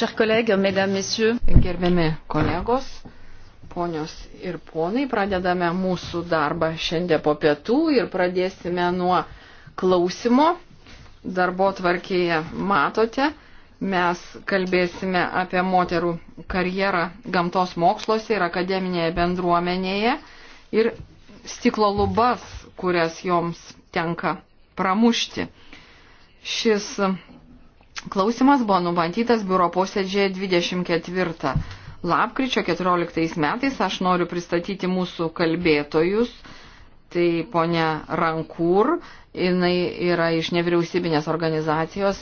Gerbiami kolegos, ponios ir ponai, pradedame mūsų darbą šiandien po pietų ir pradėsime nuo klausimo. Darbo tvarkėje matote, mes kalbėsime apie moterų karjerą gamtos moksluose ir akademinėje bendruomenėje ir stiklo lubas, kurias joms tenka pramušti. Šis Klausimas buvo nubantytas biuro posėdžėje 24 lapkričio 14 metais. Aš noriu pristatyti mūsų kalbėtojus. Tai ponia Rankūr, jinai yra iš nevyriausybinės organizacijos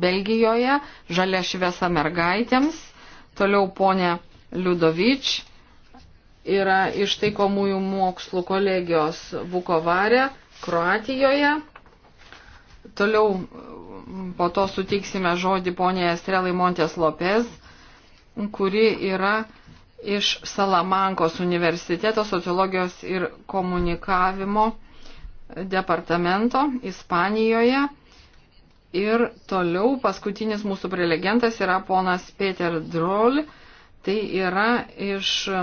Belgijoje, Žalia šviesa mergaitėms. Toliau ponia Liudovič yra iš taikomųjų mokslų kolegijos Vukovarė, Kroatijoje. Toliau po to suteiksime žodį ponė Estrelai Montės Lopez, kuri yra iš Salamankos universiteto sociologijos ir komunikavimo departamento Ispanijoje. Ir toliau paskutinis mūsų prelegentas yra ponas Peter Droll. Tai yra iš e,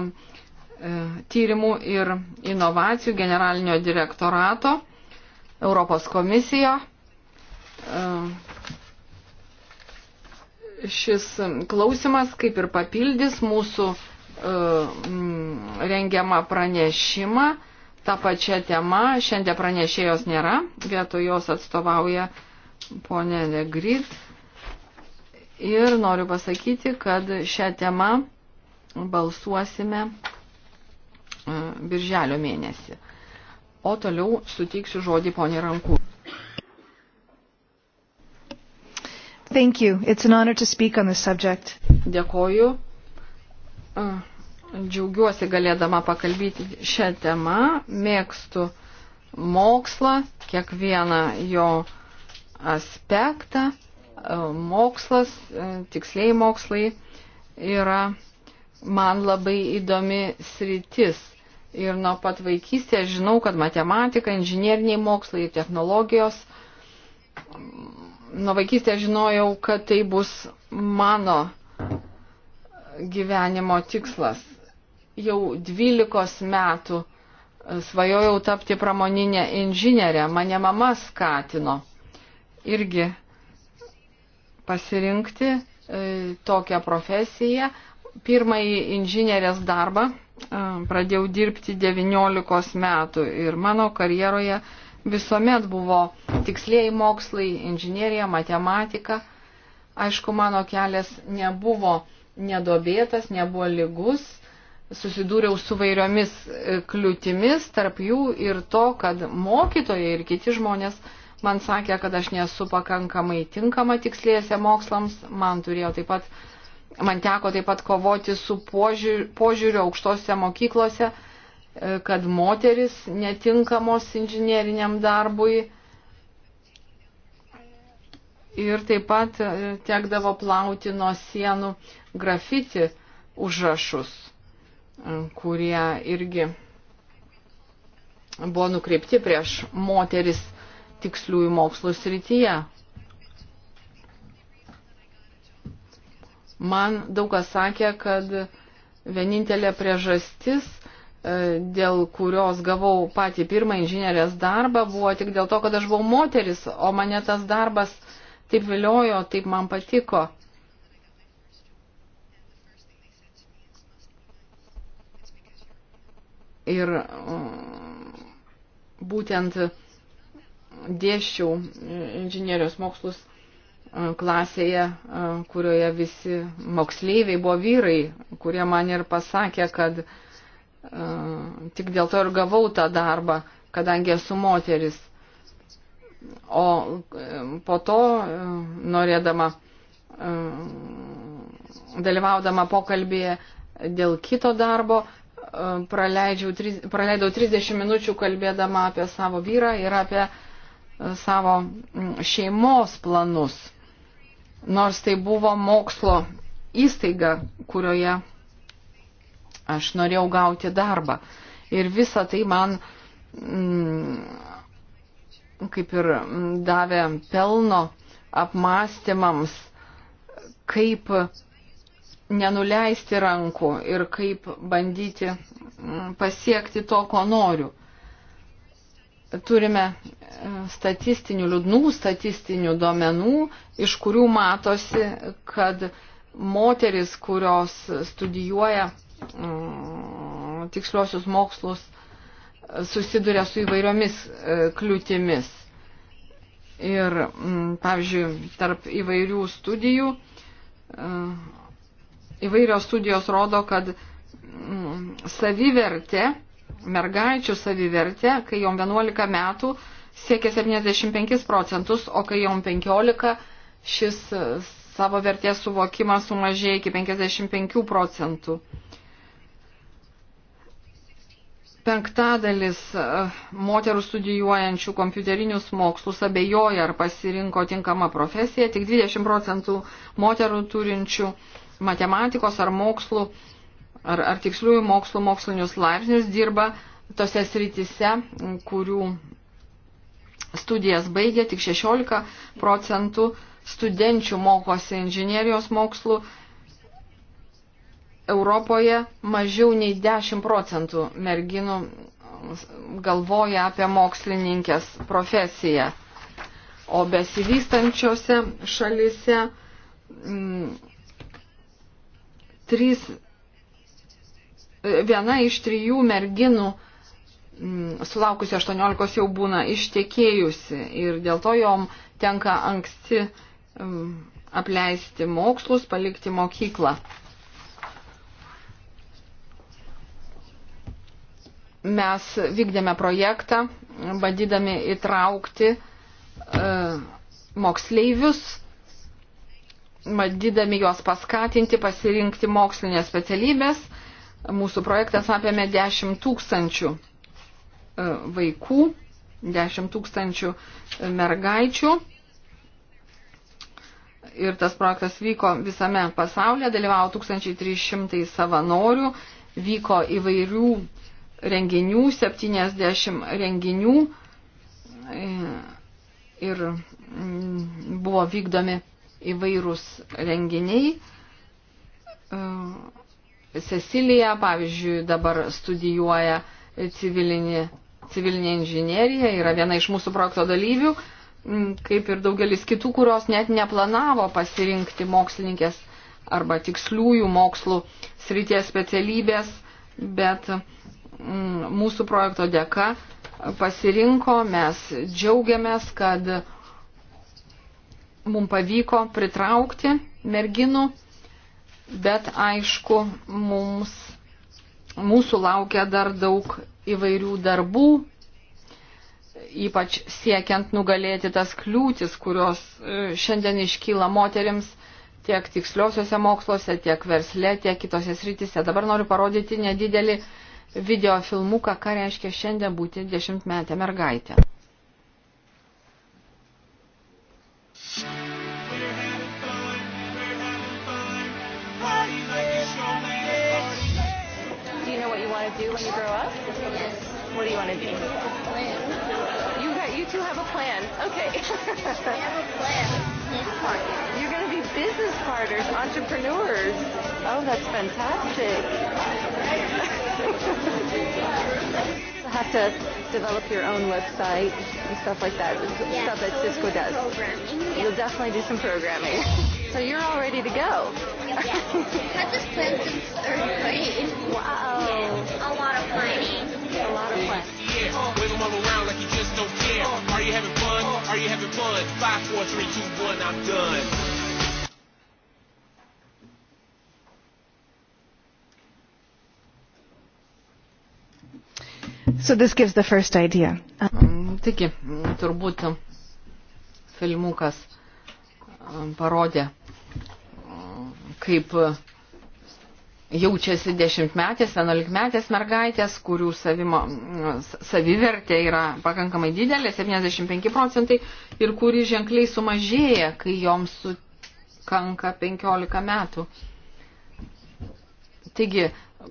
tyrimų ir inovacijų generalinio direktorato Europos komisijoje šis klausimas kaip ir papildys mūsų rengiamą pranešimą. Ta pačia tema šiandien pranešėjos nėra, vietoj jos atstovauja ponė Legrid. Ir noriu pasakyti, kad šią temą balsuosime birželio mėnesį. O toliau suteiksiu žodį ponė Rankų. Thank you. It's an honor to speak on this subject. Dėkoju. Džiaugiuosi galėdama pakalbėti šią temą. Mėgstu mokslą, kiekvieną jo aspektą. Mokslas, tiksliai mokslai yra man labai įdomi sritis. Ir nuo pat vaikystės žinau, kad matematika, inžinieriniai mokslai, technologijos nuo vaikystės žinojau, kad tai bus mano gyvenimo tikslas. Jau 12 metų e, svajojau tapti pramoninę inžinierę. Mane mama skatino irgi pasirinkti e, tokią profesiją. Pirmąjį inžinierės darbą e, pradėjau dirbti 19 metų ir mano karjeroje visuomet buvo tikslieji mokslai, inžinierija, matematika. Aišku, mano kelias nebuvo nedobėtas, nebuvo lygus, susidūriau su vairiomis e, kliūtimis, tarp jų ir to, kad mokytojai ir kiti žmonės man sakė, kad aš nesu pakankamai tinkama tiksliesiai mokslams, man turėjo taip pat, man teko taip pat kovoti su požiūriu, požiūriu aukštose mokyklose, kad moteris netinkamos inžinieriniam darbui. Ir taip pat e, tekdavo plauti nuo sienų grafiti užrašus, e, kurie irgi buvo nukreipti prieš moteris tiksliųjų mokslų srityje. Man daug kas sakė, kad vienintelė priežastis, E, dėl kurios gavau patį pirmą inžinierės darbą, buvo tik dėl to, kad aš buvau moteris, o mane tas darbas taip viliojo, taip man patiko. Ir būtent dėščiau inžinierius mokslus e, klasėje, e, kurioje visi moksleiviai buvo vyrai, kurie man ir pasakė, kad uh, tik dėl to ir gavau tą darbą, kadangi esu moteris. O e, po to, e, norėdama, e, dalyvaudama pokalbėje dėl kito darbo, praleidau 30 minučių kalbėdama apie savo vyrą ir apie savo šeimos planus. Nors tai buvo mokslo įstaiga, kurioje Aš norėjau gauti darbą. Ir visa tai man mm, kaip ir mm, davė pelno apmąstymams, kaip nenuleisti rankų ir kaip bandyti mm, pasiekti to, ko noriu. Turime e, statistinių liūdnų, statistinių duomenų, iš kurių matosi, kad moteris, kurios studijuoja Mm, tiksliosius mokslus susiduria su įvairiomis e, kliūtimis. Ir, mm, pavyzdžiui, tarp įvairių studijų, e, įvairios studijos rodo, kad mm, savivertė, mergaičių savivertė, kai jom 11 metų, siekia 75 procentus, o kai jom 15, šis e, savo vertės suvokimas sumažėja iki 55 procentų penktadalis e, moterų studijuojančių kompiuterinius mokslus abejoja ar pasirinko tinkamą profesiją, tik 20 procentų moterų turinčių matematikos ar mokslų ar, ar tiksliųjų mokslų mokslinius laipsnius dirba tose sritise, kurių studijas baigė, tik 16 procentų studenčių mokosi inžinierijos mokslų, Europoje mažiau nei 10 procentų merginų galvoja apie mokslininkės profesiją, o besivystančiose šalise m, mm, trys, viena iš trijų merginų mm, sulaukusi 18 jau būna ištekėjusi ir dėl to jom tenka anksti mm, apleisti mokslus, palikti mokyklą. mes vykdėme projektą, bandydami įtraukti e, moksleivius, bandydami juos paskatinti, pasirinkti mokslinės specialybės. Mūsų projektas apėmė 10 tūkstančių e, vaikų, 10 tūkstančių e, mergaičių. Ir tas projektas vyko visame pasaulyje, dalyvavo 1300 savanorių, vyko įvairių renginių, 70 renginių e, ir mm, buvo vykdomi įvairūs renginiai. E, Cecilija, pavyzdžiui, dabar studijuoja civilinį, civilinį inžineriją, yra viena iš mūsų projekto dalyvių, mm, kaip ir daugelis kitų, kurios net neplanavo pasirinkti mokslininkės arba tiksliųjų mokslų srities specialybės, bet uh, Mm, mūsų projekto dėka pasirinko, mes džiaugiamės, kad mums pavyko pritraukti merginų, bet aišku, mums, mūsų laukia dar daug įvairių darbų, ypač siekiant nugalėti tas kliūtis, kurios e, šiandien iškyla moterims tiek tiksliosiuose moksluose, tiek versle, tiek kitose srityse. Dabar noriu parodyti nedidelį uh, video filmuką, ką reiškia šiandien būti dešimtmetę mergaitę. Do you know what you want to do when you grow up? Yes. What do you want to be? Plan. You got you two have a plan. Okay. we have a plan business partners. You're going to be business partners, entrepreneurs. Oh, that's fantastic. You'll have to develop your own website and stuff like that, yeah, stuff that so Cisco does. Programming, yeah. You'll definitely do some programming. So you're all ready to go. Yeah. Had this plan since third grade. Wow. Yeah. A lot of planning a lot of fun. Wave them all around like you just don't care. Are you having fun? Are you having fun? Five, four, three, two, one. I'm done. So this gives the first idea. Mm, taigi, mm, turbūt filmukas mm, parodė, kaip jaučiasi dešimtmetės, vienuolikmetės mergaitės, kurių savimo, savivertė yra pakankamai didelė, 75 procentai, ir kuri ženkliai sumažėja, kai joms sukanka 15 metų. Taigi,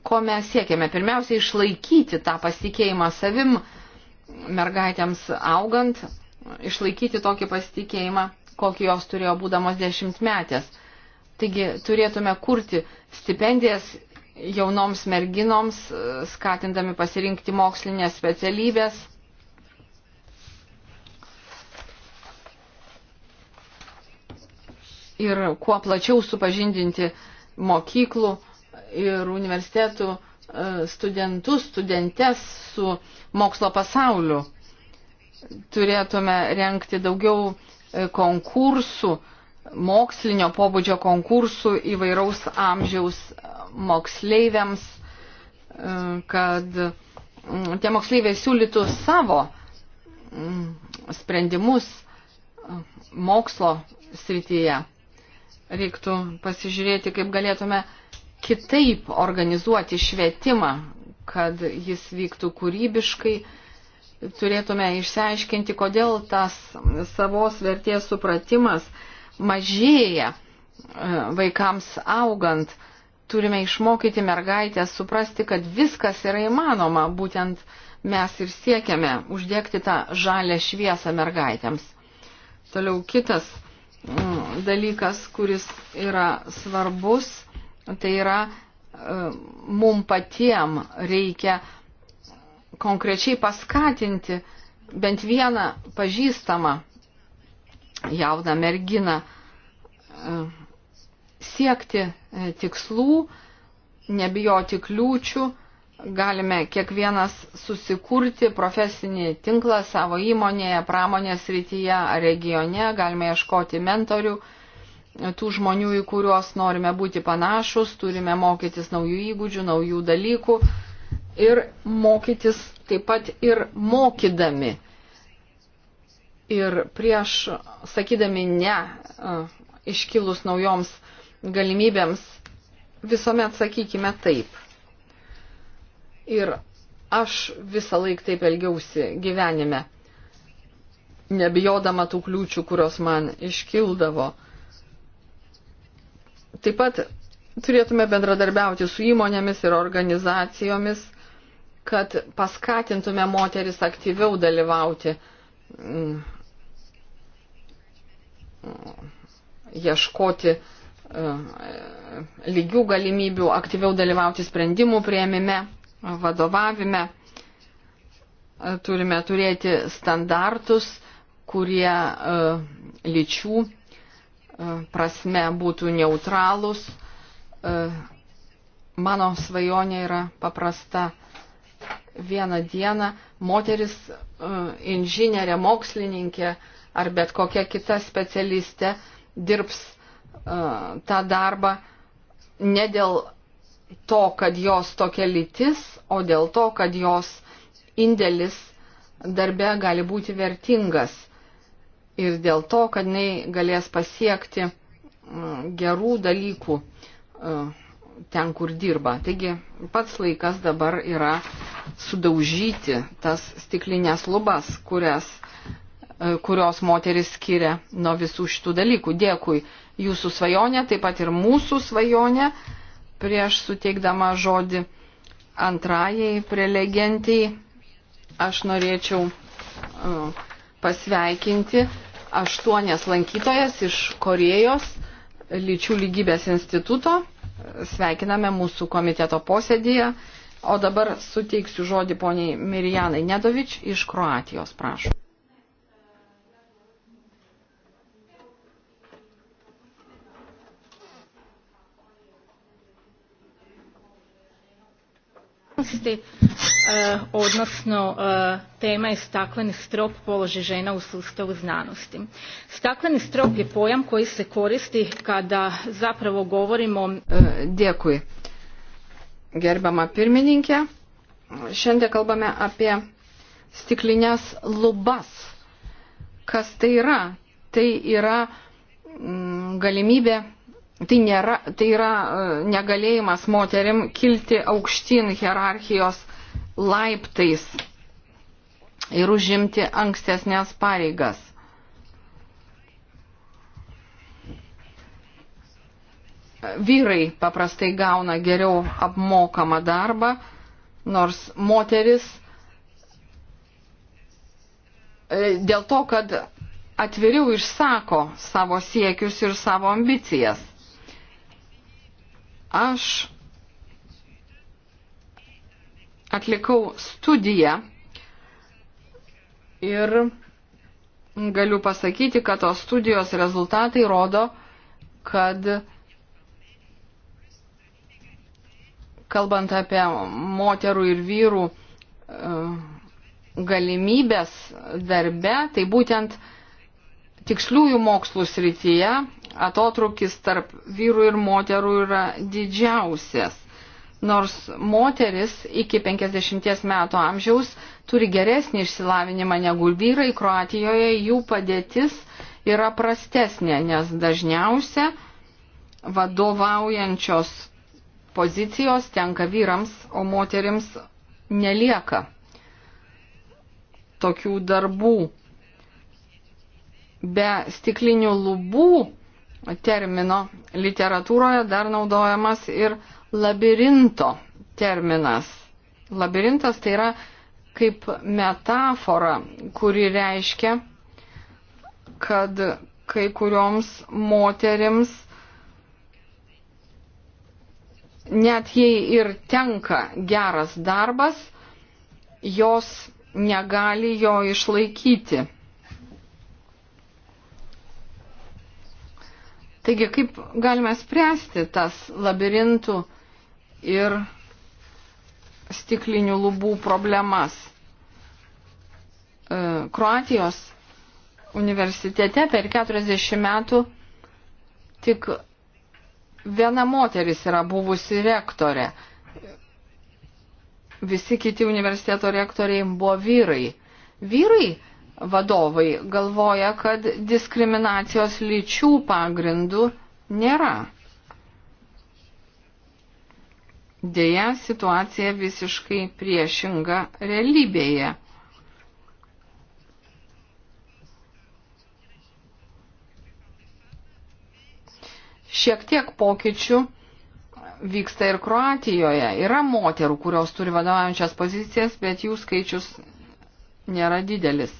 ko mes siekiame? Pirmiausia, išlaikyti tą pasitikėjimą savim mergaitėms augant, išlaikyti tokį pasitikėjimą, kokį jos turėjo būdamos dešimtmetės. metės Taigi turėtume kurti stipendijas jaunoms merginoms, e, skatindami pasirinkti mokslinės specialybės. Ir kuo plačiau supažindinti mokyklų ir universitetų e, studentus, studentes su mokslo pasauliu. Turėtume renkti daugiau e, konkursų, mokslinio pobūdžio konkursų įvairaus amžiaus moksleiviams, e, kad mm, tie moksleiviai siūlytų savo mm, sprendimus e, mokslo srityje. Reiktų pasižiūrėti, kaip galėtume kitaip organizuoti švietimą, kad jis vyktų kūrybiškai. Turėtume išsiaiškinti, kodėl tas savos vertės supratimas mažėja e, vaikams augant. Turime išmokyti mergaitę suprasti, kad viskas yra įmanoma, būtent mes ir siekiame uždėkti tą žalę šviesą mergaitėms. Toliau kitas mm, dalykas, kuris yra svarbus, tai yra e, mum patiem reikia konkrečiai paskatinti bent vieną pažįstamą jauną merginą e, siekti e, tikslų, nebijoti kliūčių, galime kiekvienas susikurti profesinį tinklą savo įmonėje, pramonės rytyje ar regione, galime ieškoti mentorių, e, tų žmonių, į kuriuos norime būti panašus, turime mokytis naujų įgūdžių, naujų dalykų ir mokytis taip pat ir mokydami ir prieš sakydami ne e, iškilus naujoms galimybėms visuomet sakykime taip. Ir aš visą laiką taip elgiausi gyvenime, nebijodama tų kliūčių, kurios man iškildavo. Taip pat turėtume bendradarbiauti su įmonėmis ir organizacijomis, kad paskatintume moteris aktyviau dalyvauti ieškoti e, lygių galimybių, aktyviau dalyvauti sprendimų prieimime, vadovavime. E, turime turėti standartus, kurie e, lyčių prasme būtų neutralūs. Mano svajonė yra paprasta. Vieną dieną moteris inžinierė, mokslininkė, ar bet kokia kita specialistė dirbs uh, tą darbą ne dėl to, kad jos tokia lytis, o dėl to, kad jos indėlis darbe gali būti vertingas ir dėl to, kad jinai galės pasiekti uh, gerų dalykų uh, ten, kur dirba. Taigi pats laikas dabar yra sudaužyti tas stiklinės lubas, kurias E, kurios moteris skiria nuo visų šitų dalykų. Dėkui jūsų svajonė, taip pat ir mūsų svajonė. Prieš suteikdama žodį antrajai prelegentiai, aš norėčiau e, pasveikinti aštuonias lankytojas iš Korejos lyčių lygybės instituto. Sveikiname mūsų komiteto posėdėje. O dabar suteiksiu žodį poniai Mirjanai Nedovič iš Kroatijos, prašau. E, odnosno e, tema je stakleni strop položaj žena u sustavu znanosti. stakleni strop je pojam koji se koristi kada zapravo govorimo e, dėkui gerbiama pirmininke šiandien kalbame apie stiklines lubas kas tai yra tai yra mm, galimybė tai, nėra, tai yra e, negalėjimas moterim kilti aukštyn hierarchijos laiptais ir užimti ankstesnės pareigas. Vyrai paprastai gauna geriau apmokamą darbą, nors moteris e, dėl to, kad atviriau išsako savo siekius ir savo ambicijas. Aš atlikau studiją ir galiu pasakyti, kad tos studijos rezultatai rodo, kad kalbant apie moterų ir vyrų e, galimybės darbe, tai būtent uh, tiksliųjų mokslų srityje atotrukis tarp vyrų ir moterų yra didžiausias. Nors moteris iki 50 metų amžiaus turi geresnį išsilavinimą negu vyrai, Kroatijoje jų padėtis yra prastesnė, nes dažniausia vadovaujančios pozicijos tenka vyrams, o moterims nelieka tokių darbų be stiklinių lubų termino literatūroje dar naudojamas ir labirinto terminas. Labirintas tai yra kaip metafora, kuri reiškia, kad kai kurioms moterims net jei ir tenka geras darbas, jos negali jo išlaikyti Taigi, kaip galime spręsti tas labirintų ir stiklinių lubų problemas? E, Kroatijos universitete per 40 metų tik viena moteris yra buvusi rektorė. Visi kiti universiteto rektoriai buvo vyrai. Vyrai vadovai galvoja, kad diskriminacijos lyčių pagrindų nėra. Deja, situacija visiškai priešinga realybėje. Šiek tiek pokyčių vyksta ir Kroatijoje. Yra moterų, kurios turi vadovaujančias pozicijas, bet jų skaičius nėra didelis.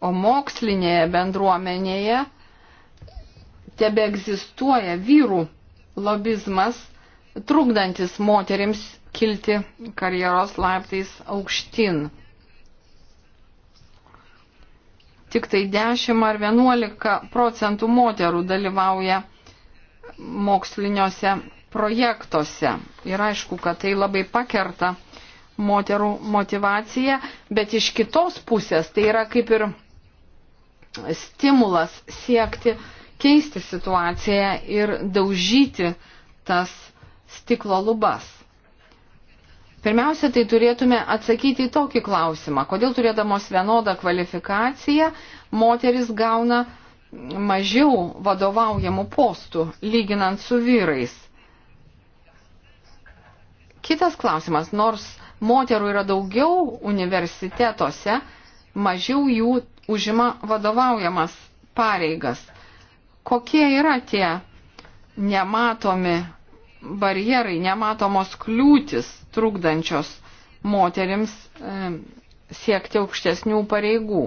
O mokslinėje bendruomenėje tebe egzistuoja vyrų lobizmas, trukdantis moterims kilti karjeros laiptais aukštin. Tik tai 10 ar 11 procentų moterų dalyvauja moksliniuose projektuose. Ir aišku, kad tai labai pakerta moterų motivaciją, bet iš kitos pusės tai yra kaip ir stimulas siekti keisti situaciją ir daužyti tas stiklo lubas. Pirmiausia, tai turėtume atsakyti į tokį klausimą, kodėl turėdamos vienodą kvalifikaciją moteris gauna mažiau vadovaujamų postų, lyginant su vyrais. Kitas klausimas, nors moterų yra daugiau universitetuose, mažiau jų užima vadovaujamas pareigas. Kokie yra tie nematomi barjerai, nematomos kliūtis trukdančios moterims e, siekti aukštesnių pareigų?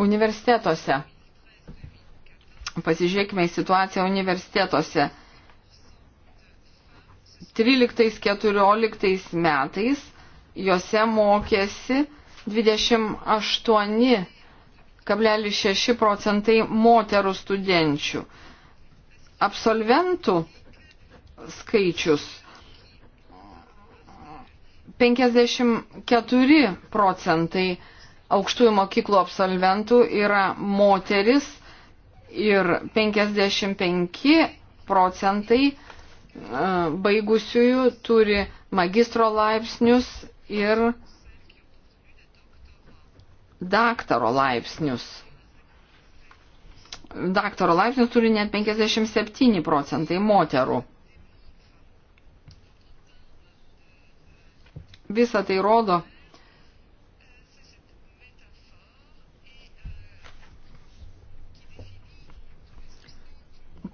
Universitetuose Pasižiūrėkime į situaciją universitetuose. 13-14 metais juose mokėsi 28,6 procentai moterų studenčių. Absolventų skaičius 54 procentai aukštųjų mokyklų absolventų yra moteris, ir 55 procentai e, baigusiųjų turi magistro laipsnius ir daktaro laipsnius. Daktaro laipsnius turi net 57 procentai moterų. Visa tai rodo,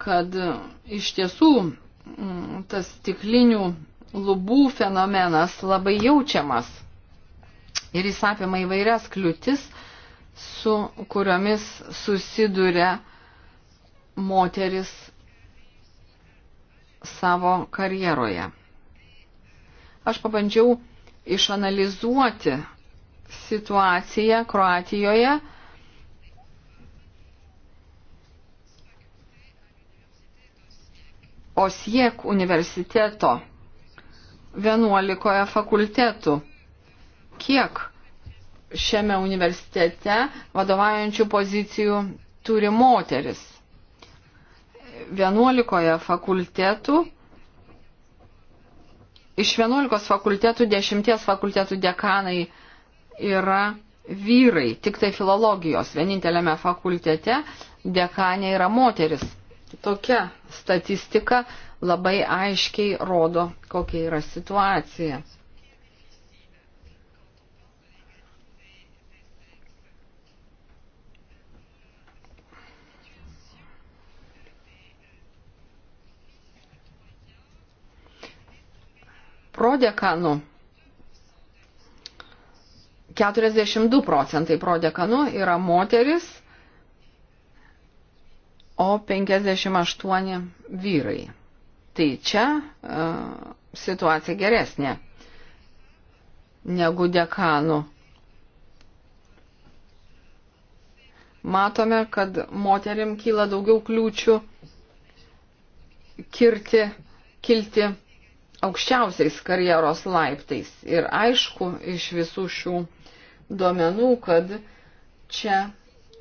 kad mm, iš tiesų mm, tas stiklinių lubų fenomenas labai jaučiamas ir jis apima įvairias kliūtis, su kuriomis susiduria moteris savo karjeroje. Aš pabandžiau išanalizuoti situaciją Kroatijoje, Osiek universiteto 11 fakultetų. Kiek šiame universitete vadovaujančių pozicijų turi moteris? 11 fakultetų. Iš 11 fakultetų 10 fakultetų dekanai yra vyrai, tik tai filologijos. Vieninteliame fakultete dekanė yra moteris. Tai tokia statistika labai aiškiai rodo, kokia yra situacija. Prodekanų 42 procentai prodekanų yra moteris o 58 vyrai. Tai čia uh, situacija geresnė negu dekanų. Matome, kad moterim kyla daugiau kliūčių kirti, kilti aukščiausiais karjeros laiptais. Ir aišku iš visų šių duomenų, kad čia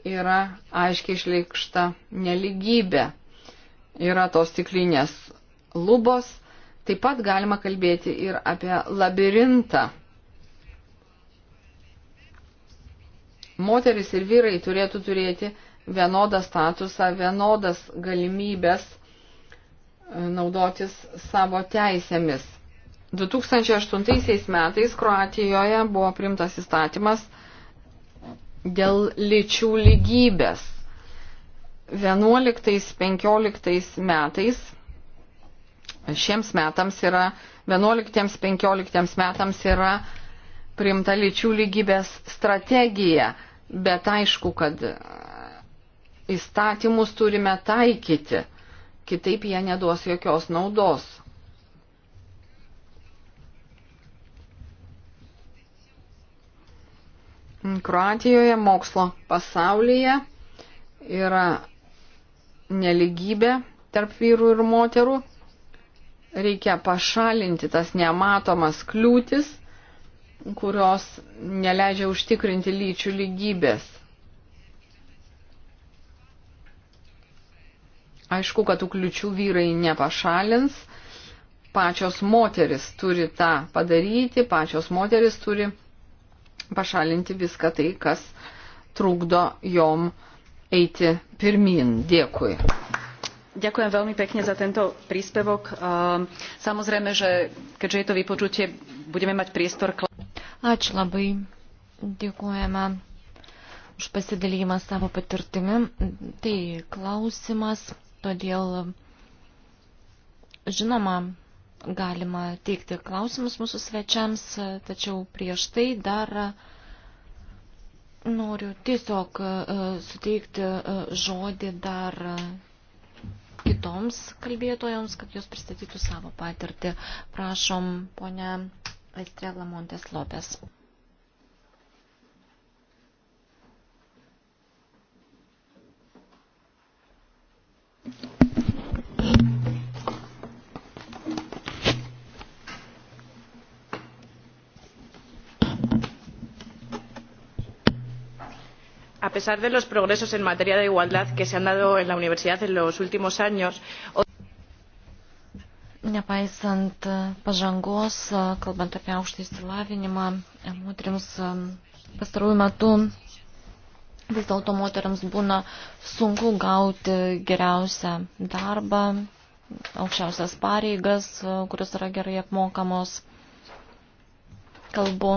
yra aiškiai išleikšta neligybė. Yra tos stiklinės lubos. Taip pat galima kalbėti ir apie labirintą. Moteris ir vyrai turėtų turėti vienodą statusą, vienodas galimybės e, naudotis savo teisėmis. 2008 metais Kroatijoje buvo primtas įstatymas dėl lyčių lygybės. 11-15 metais, šiems metams yra, 11-15 metams yra priimta lyčių lygybės strategija, bet aišku, kad įstatymus turime taikyti, kitaip jie neduos jokios naudos. Kroatijoje, mokslo pasaulyje yra neligybė tarp vyrų ir moterų. Reikia pašalinti tas nematomas kliūtis, kurios neleidžia užtikrinti lyčių lygybės. Aišku, kad tų kliučių vyrai nepašalins, pačios moteris turi tą padaryti, pačios moteris turi pašalinti viską tai, kas trukdo jom eiti pirmin. Dėkui. Ďakujem veľmi pekne za tento príspevok. Ehm, samozrejme, že keďže je to vypočutie, budeme mať priestor. Ačiū labai. Dėkujame už pasidalymą savo patirtimi. Tai klausimas, todėl žinoma, galima teikti klausimus mūsų svečiams, tačiau prieš tai dar noriu tiesiog e, suteikti e, žodį dar kitoms kalbėtojoms, kad jos pristatytų savo patirtį. Prašom, ponia Estrela Montes Lopes. Thank you. a pesar de los progresos en materia de igualdad que se han dado en la universidad en los últimos años Nepaisant eh, pažangos, eh, kalbant apie aukštą įsilavinimą, eh, moteriams pastarųjų metų vis dėlto moteriams būna sunku gauti geriausią darbą, aukščiausias pareigas, kurios yra gerai apmokamos. Kalbu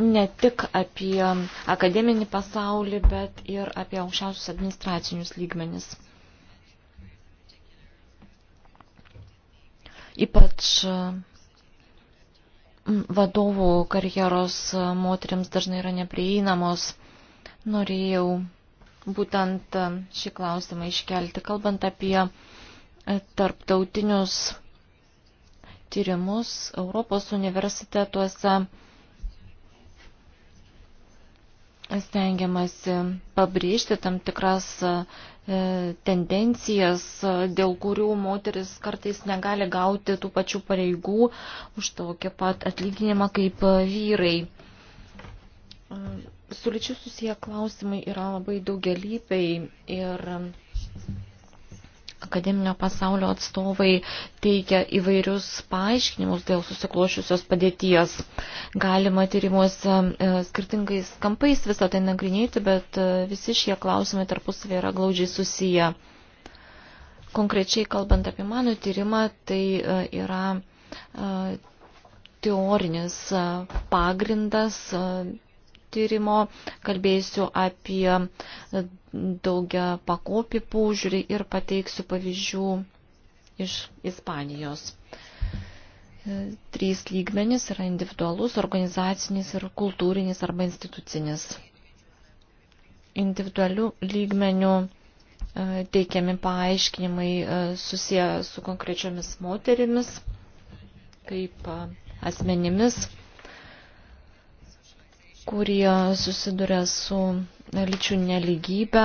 ne tik apie akademinį pasaulį, bet ir apie aukščiausius administracinius lygmenis. Ypač mm, vadovų karjeros moteriams dažnai yra neprieinamos. Norėjau būtent šį klausimą iškelti, kalbant apie tarptautinius tyrimus Europos universitetuose stengiamasi pabrėžti tam tikras e, tendencijas, dėl kurių moteris kartais negali gauti tų pačių pareigų už tokį pat atlyginimą kaip vyrai. E, su lyčiu susiję klausimai yra labai daugelypiai ir akademinio pasaulio atstovai teikia įvairius paaiškinimus dėl susiklošiusios padėties. Galima tyrimuose e, skirtingais kampais visą tai nagrinėti, bet e, visi šie klausimai tarpusavį yra glaudžiai susiję. Konkrečiai kalbant apie mano tyrimą, tai e, yra teorinis pagrindas tyrimo, kalbėsiu apie daugia pakopį požiūrį ir pateiksiu pavyzdžių iš Ispanijos. Trys lygmenys yra individualus, organizacinis ir kultūrinis arba institucinis. Individualių lygmenių e, teikiami paaiškinimai e, susiję su konkrečiomis moterimis kaip e, asmenimis kurie susiduria su lyčių neligybė,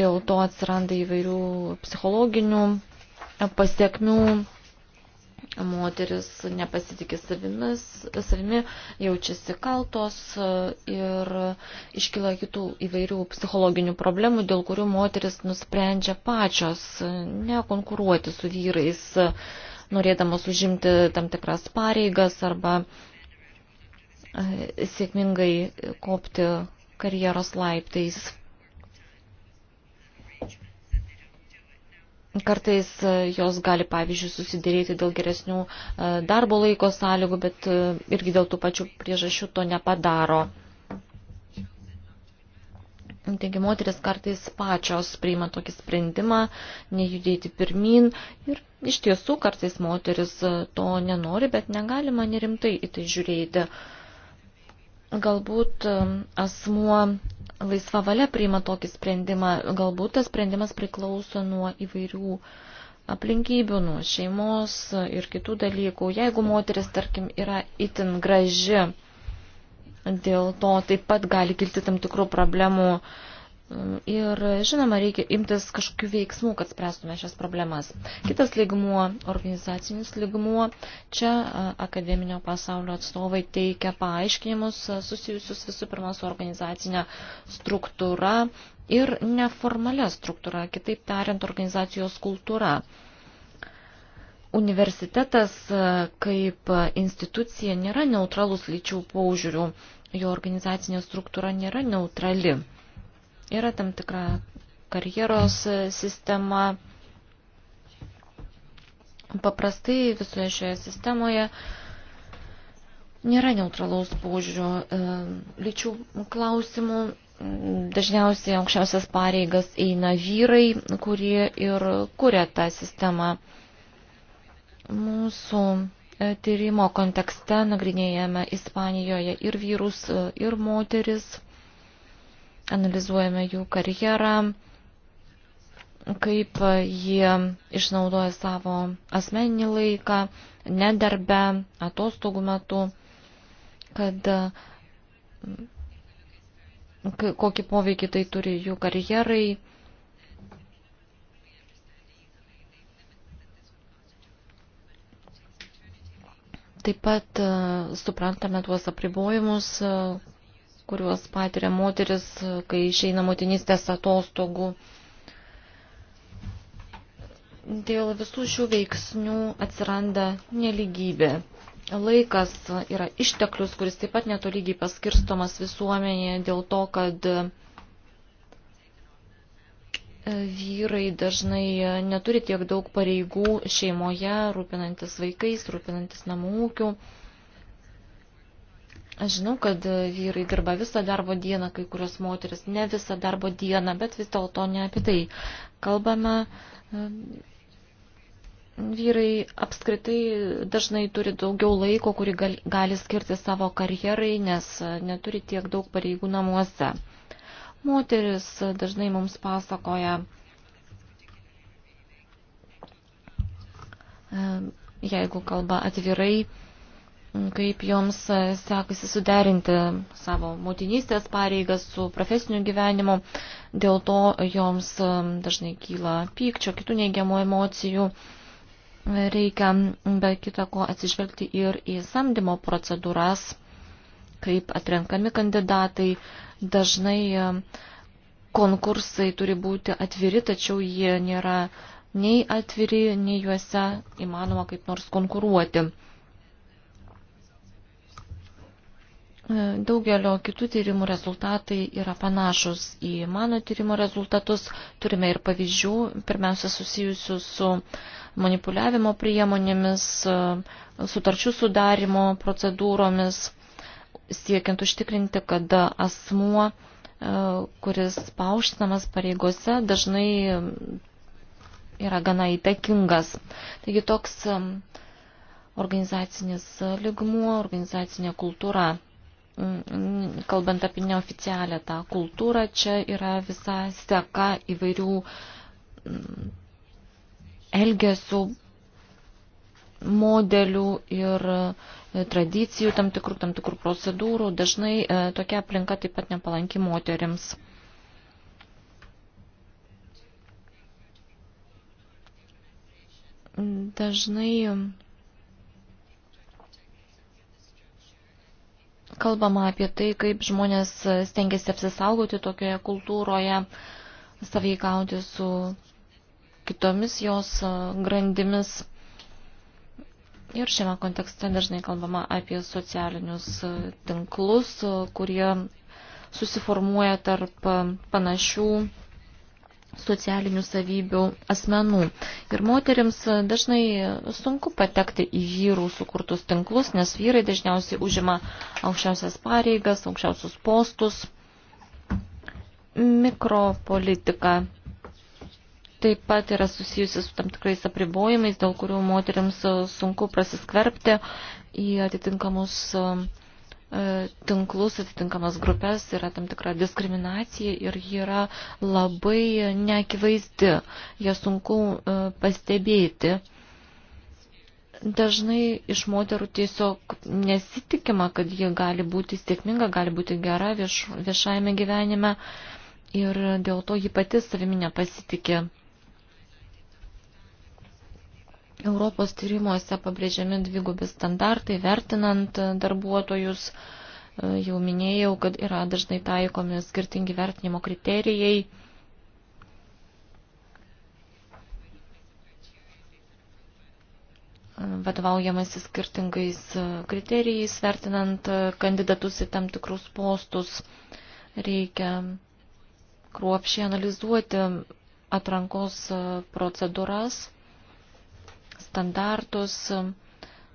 dėl to atsiranda įvairių psichologinių pasiekmių, moteris nepasitikė savimis, savimi, jaučiasi kaltos ir iškyla kitų įvairių psichologinių problemų, dėl kurių moteris nusprendžia pačios nekonkuruoti su vyrais, norėdamas užimti tam tikras pareigas arba uh, sėkmingai kopti karjeros laiptais. Kartais jos gali, pavyzdžiui, susidėrėti dėl geresnių e, darbo laiko sąlygų, bet e, irgi dėl tų pačių priežasčių to nepadaro. Taigi moteris kartais pačios priima tokį sprendimą, nejudėti pirmin ir iš tiesų kartais moteris e, to nenori, bet negalima nerimtai į tai žiūrėti. Uh, galbūt um, asmuo laisva valia priima tokį sprendimą, galbūt tas sprendimas priklauso nuo įvairių aplinkybių, nuo šeimos ir kitų dalykų. Jeigu moteris, tarkim, yra itin graži, dėl to taip pat gali kilti tam tikrų problemų uh, Ir žinoma, reikia imtis kažkokių veiksmų, kad spręstume šias problemas. Kitas ligmuo, organizacinis ligmuo, čia akademinio pasaulio atstovai teikia paaiškinimus susijusius visų pirma su organizacinė struktūra ir neformalia struktūra, kitaip tariant, organizacijos kultūra. Universitetas kaip institucija nėra neutralus lyčių paužiūrių, jo organizacinė struktūra nėra neutrali Yra tam tikra karjeros sistema. Paprastai visoje šioje sistemoje nėra neutralaus požiūrio e, lyčių klausimų. Dažniausiai aukščiausias pareigas eina vyrai, kurie ir kuria tą sistemą. Mūsų e, tyrimo kontekste nagrinėjame Ispanijoje ir vyrus, e, ir moteris analizuojame jų karjerą, kaip jie išnaudoja savo asmeninį laiką, nedarbę, atostogų metu, kad kokį poveikį tai turi jų karjerai. Taip pat e, suprantame tuos apribojimus, kuriuos patiria moteris, kai išeina motinystės atostogų. Dėl visų šių veiksnių atsiranda neligybė. Laikas yra išteklius, kuris taip pat netolygiai paskirstomas visuomenėje dėl to, kad e, vyrai dažnai neturi tiek daug pareigų šeimoje, rūpinantis vaikais, rūpinantis namų ūkiu. Aš žinau, kad e, vyrai dirba visą darbo dieną, kai kurios moteris ne visą darbo dieną, bet vis dėlto ne apie tai. Kalbame, vyrai apskritai dažnai turi daugiau laiko, kurį gali skirti savo karjerai, nes e, neturi tiek daug pareigų namuose. Moteris e, dažnai mums pasakoja, jeigu kalba atvirai, kaip joms e, sekasi suderinti savo motinystės pareigas su profesiniu gyvenimu. Dėl to joms e, dažnai kyla pykčio, kitų neigiamų emocijų. Reikia be kita ko atsižvelgti ir į samdymo procedūras, kaip atrenkami kandidatai. Dažnai e, konkursai turi būti atviri, tačiau jie nėra nei atviri, nei juose įmanoma kaip nors konkuruoti. E, daugelio kitų tyrimų rezultatai yra panašus į mano tyrimo rezultatus. Turime ir pavyzdžių, pirmiausia, susijusių su manipuliavimo priemonėmis, e, sutarčių sudarimo procedūromis, siekiant užtikrinti, kad asmuo, e, kuris paaukštinamas pareigose, dažnai yra gana įtakingas. Taigi toks organizacinis ligmuo, organizacinė kultūra kalbant apie neoficialią tą kultūrą, čia yra visa seka įvairių mm, elgesių modelių ir e, tradicijų, tam tikrų, tam tikrų procedūrų. Dažnai e, tokia aplinka taip pat nepalanki moteriams. Dažnai kalbama apie tai, kaip žmonės stengiasi apsisaugoti tokioje kultūroje, saveikauti su kitomis jos grandimis. Ir šiame kontekste dažnai kalbama apie socialinius tinklus, kurie susiformuoja tarp panašių socialinių savybių asmenų. Ir moteriams e, dažnai sunku patekti į vyrų sukurtus tinklus, nes vyrai dažniausiai užima aukščiausias pareigas, aukščiausius postus, mikropolitika. Taip pat yra susijusi su tam tikrais apribojimais, dėl kurių moteriams e, sunku prasiskverbti į atitinkamus uh, E, tinklus, atitinkamas grupės, yra tam tikra diskriminacija ir ji yra labai neakivaizdi, ją sunku e, pastebėti. Dažnai iš moterų tiesiog nesitikima, kad ji gali būti sėkminga, gali būti gera vieš, viešajame gyvenime ir dėl to ji pati savimi nepasitikė. Europos tyrimuose pabrėžiami dvigubi standartai, vertinant darbuotojus. Jau minėjau, kad yra dažnai taikomi skirtingi vertinimo kriterijai. Vadovaujamasi skirtingais kriterijais, vertinant kandidatus į tam tikrus postus, reikia kruopšiai analizuoti atrankos procedūras standartus,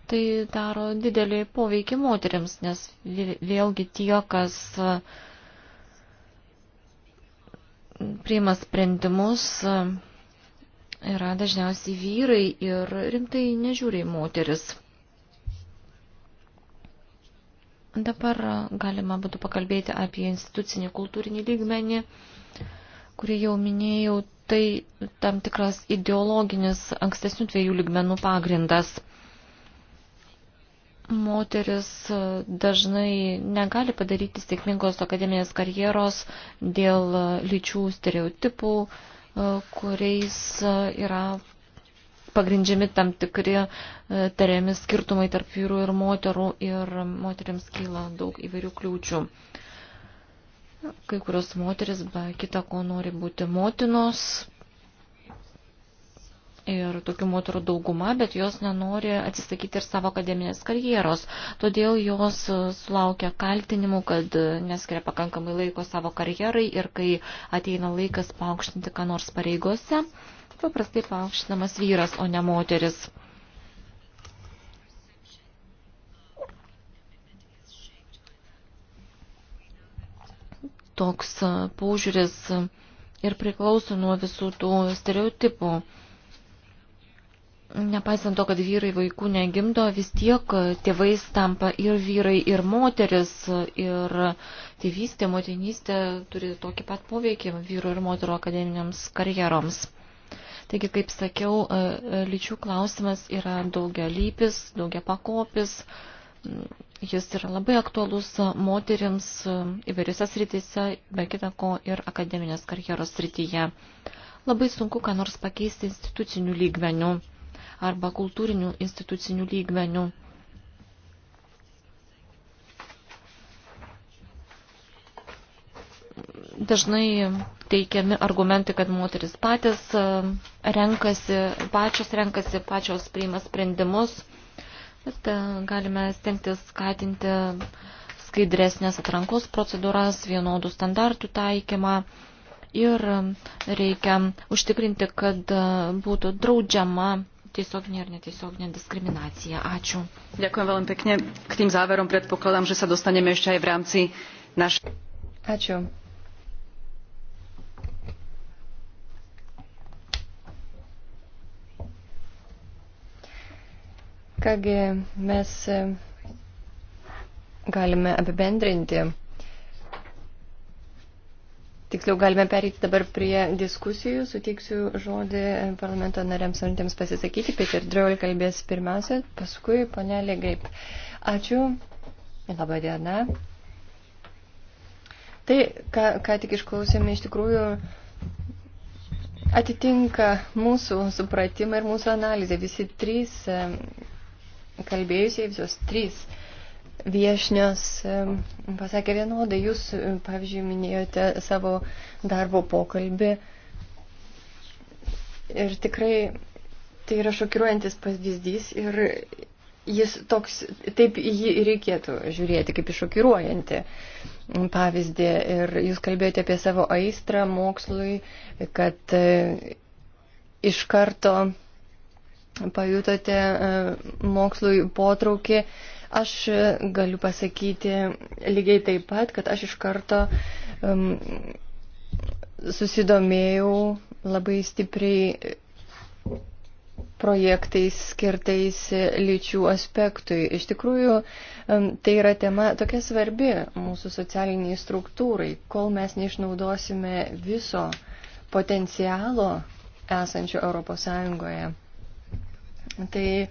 tai daro didelį poveikį moteriams, nes vėlgi tie, kas mm, priima sprendimus, yra dažniausiai vyrai ir rimtai nežiūri moteris. Dabar galima būtų pakalbėti apie institucinį kultūrinį lygmenį kurį jau minėjau, tai tam tikras ideologinis ankstesnių dviejų lygmenų pagrindas. Moteris e, dažnai negali padaryti sėkmingos akademinės karjeros dėl e, lyčių stereotipų, e, kuriais yra pagrindžiami tam tikri tariami skirtumai tarp vyrų ir moterų ir moteriams kyla daug įvairių kliūčių. Kai kurios moteris, be kita ko, nori būti motinos. Ir tokių moterų dauguma, bet jos nenori atsisakyti ir savo akademinės karjeros. Todėl jos e, sulaukia kaltinimų, kad e, neskiria pakankamai laiko savo karjerai ir kai ateina laikas paaukštinti ką nors pareigose, paprastai paaukštinamas vyras, o ne moteris. toks požiūris ir priklauso nuo visų tų stereotipų. Nepaisant to, kad vyrai vaikų negimdo, vis tiek tėvais tampa ir vyrai, ir moteris, ir tėvystė, motinystė turi tokį pat poveikį vyru ir moterų akademiniams karjeroms. Taigi, kaip sakiau, lyčių klausimas yra daugia lypis, daugia pakopis, Jis yra labai aktualus moteriams įvairiose srityse, be kita ko ir akademinės karjeros srityje. Labai sunku, ką nors pakeisti institucinių lygmenių arba kultūrinių institucinių lygmenių. Dažnai teikiami argumentai, kad moteris patys renkasi, pačios renkasi, pačios priima sprendimus E, galime stengtis skatinti skaidresnės atrankos procedūras, vienodų standartų taikymą ir e, reikia užtikrinti, kad e, būtų draudžiama tiesiognė ir netiesiognė diskriminacija. Ačiū. Ďakujem veľmi pekne. K tým záverom predpokladám, že sa dostaneme ešte aj v rámci našej. Ačiū. Kągi mes e, galime apibendrinti. Tiksliau galime pereiti dabar prie diskusijų. Suteiksiu žodį parlamento nariams norintiems pasisakyti. Peter Dreul kalbės pirmiausia, paskui panelė Greip. Ačiū. Labą dieną. Tai, ką, ką tik išklausėme, iš tikrųjų atitinka mūsų supratimą ir mūsų analizę. Visi trys e, kalbėjusiai visos trys viešnios pasakė vienodai. Jūs, pavyzdžiui, minėjote savo darbo pokalbį. Ir tikrai tai yra šokiruojantis pavyzdys ir jis toks, taip jį reikėtų žiūrėti kaip iššokiruojantį pavyzdį. Ir jūs kalbėjote apie savo aistrą mokslui, kad e, iš karto pajutote e, mokslui potraukį. Aš galiu pasakyti lygiai taip pat, kad aš iš karto um, susidomėjau labai stipriai projektais skirtais lyčių aspektui. Iš tikrųjų, tai yra tema tokia svarbi mūsų socialiniai struktūrai. Kol mes neišnaudosime viso potencialo esančio ES, Tai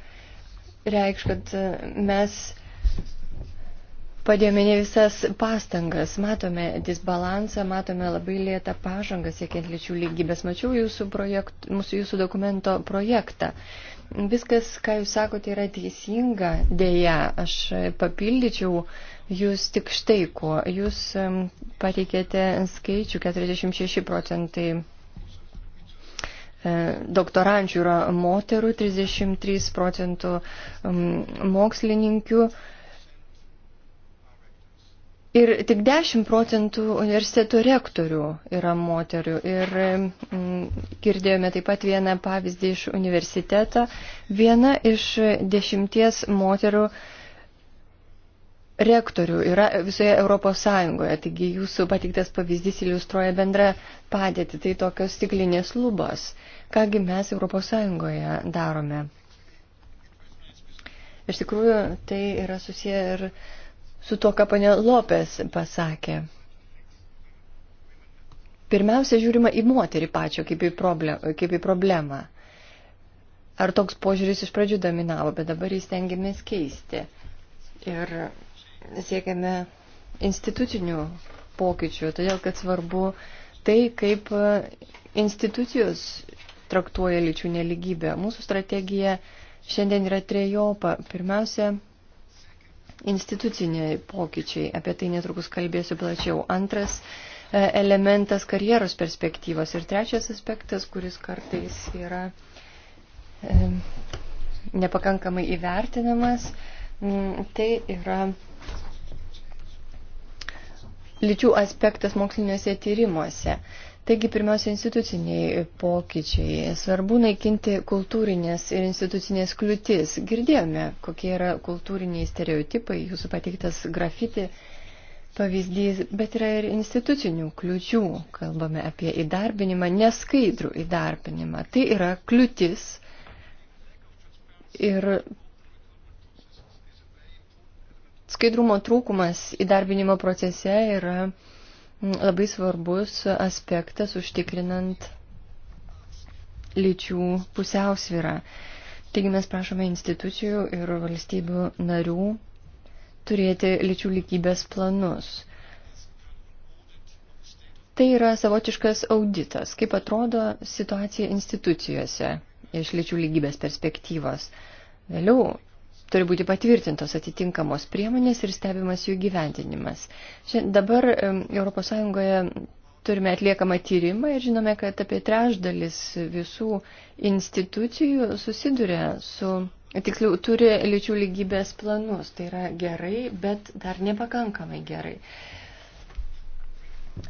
reikš, kad e, mes padėjome ne visas pastangas, matome disbalansą, matome labai lėtą pažangą siekiant lyčių lygybės. Mačiau jūsų, projekt, mūsų, jūsų dokumento projektą. Viskas, ką jūs sakote, yra teisinga, dėja, aš papildyčiau jūs tik štai kuo. Jūs pateikėte skaičių 46 procentai E, doktorančių yra moterų, 33 procentų mokslininkių. Ir tik 10 procentų universiteto rektorių yra moterių. Ir mm, girdėjome taip pat vieną pavyzdį iš universitetą. Viena iš dešimties moterų rektorių yra visoje Europos Sąjungoje. Taigi jūsų patiktas pavyzdys iliustruoja bendrą padėtį. Tai tokios stiklinės lubos. Mm, Kągi mes ES darome? Iš tikrųjų, tai yra susiję ir su to, ką panė Lopes pasakė. Pirmiausia, žiūrima į moterį pačią kaip į, problem, kaip į problemą. Ar toks požiūris iš pradžių dominavo, bet dabar jis tengiamės keisti. Ir siekiame institucinių pokyčių, todėl kad svarbu tai, kaip institucijos traktuoja lyčių neligybę. Mūsų strategija šiandien yra trejopa. Pirmiausia, instituciniai pokyčiai, apie tai netrukus kalbėsiu plačiau. Antras e, elementas karjeros perspektyvos. Ir trečias aspektas, kuris kartais yra e, nepakankamai įvertinamas, mm, tai yra lyčių aspektas moksliniuose tyrimuose. Taigi, pirmiausia, instituciniai pokyčiai. Svarbu naikinti kultūrinės ir institucinės kliūtis. Girdėjome, kokie yra kultūriniai stereotipai, jūsų pateiktas grafiti pavyzdys, bet yra ir institucinių kliūčių. Kalbame apie įdarbinimą, neskaidrų įdarbinimą. Tai yra kliūtis ir skaidrumo trūkumas įdarbinimo procese yra labai svarbus aspektas užtikrinant lyčių pusiausvyrą. Taigi mes prašome institucijų ir valstybių narių turėti lyčių lygybės planus. Tai yra savotiškas auditas, kaip atrodo situacija institucijose iš lyčių lygybės perspektyvos. Vėliau turi būti patvirtintos atitinkamos priemonės ir stebimas jų gyventinimas. Šiandien dabar ES turime atliekamą tyrimą ir žinome, kad apie trešdalis visų institucijų susiduria su, tiksliau, turi lyčių lygybės planus. Tai yra gerai, bet dar nepakankamai gerai.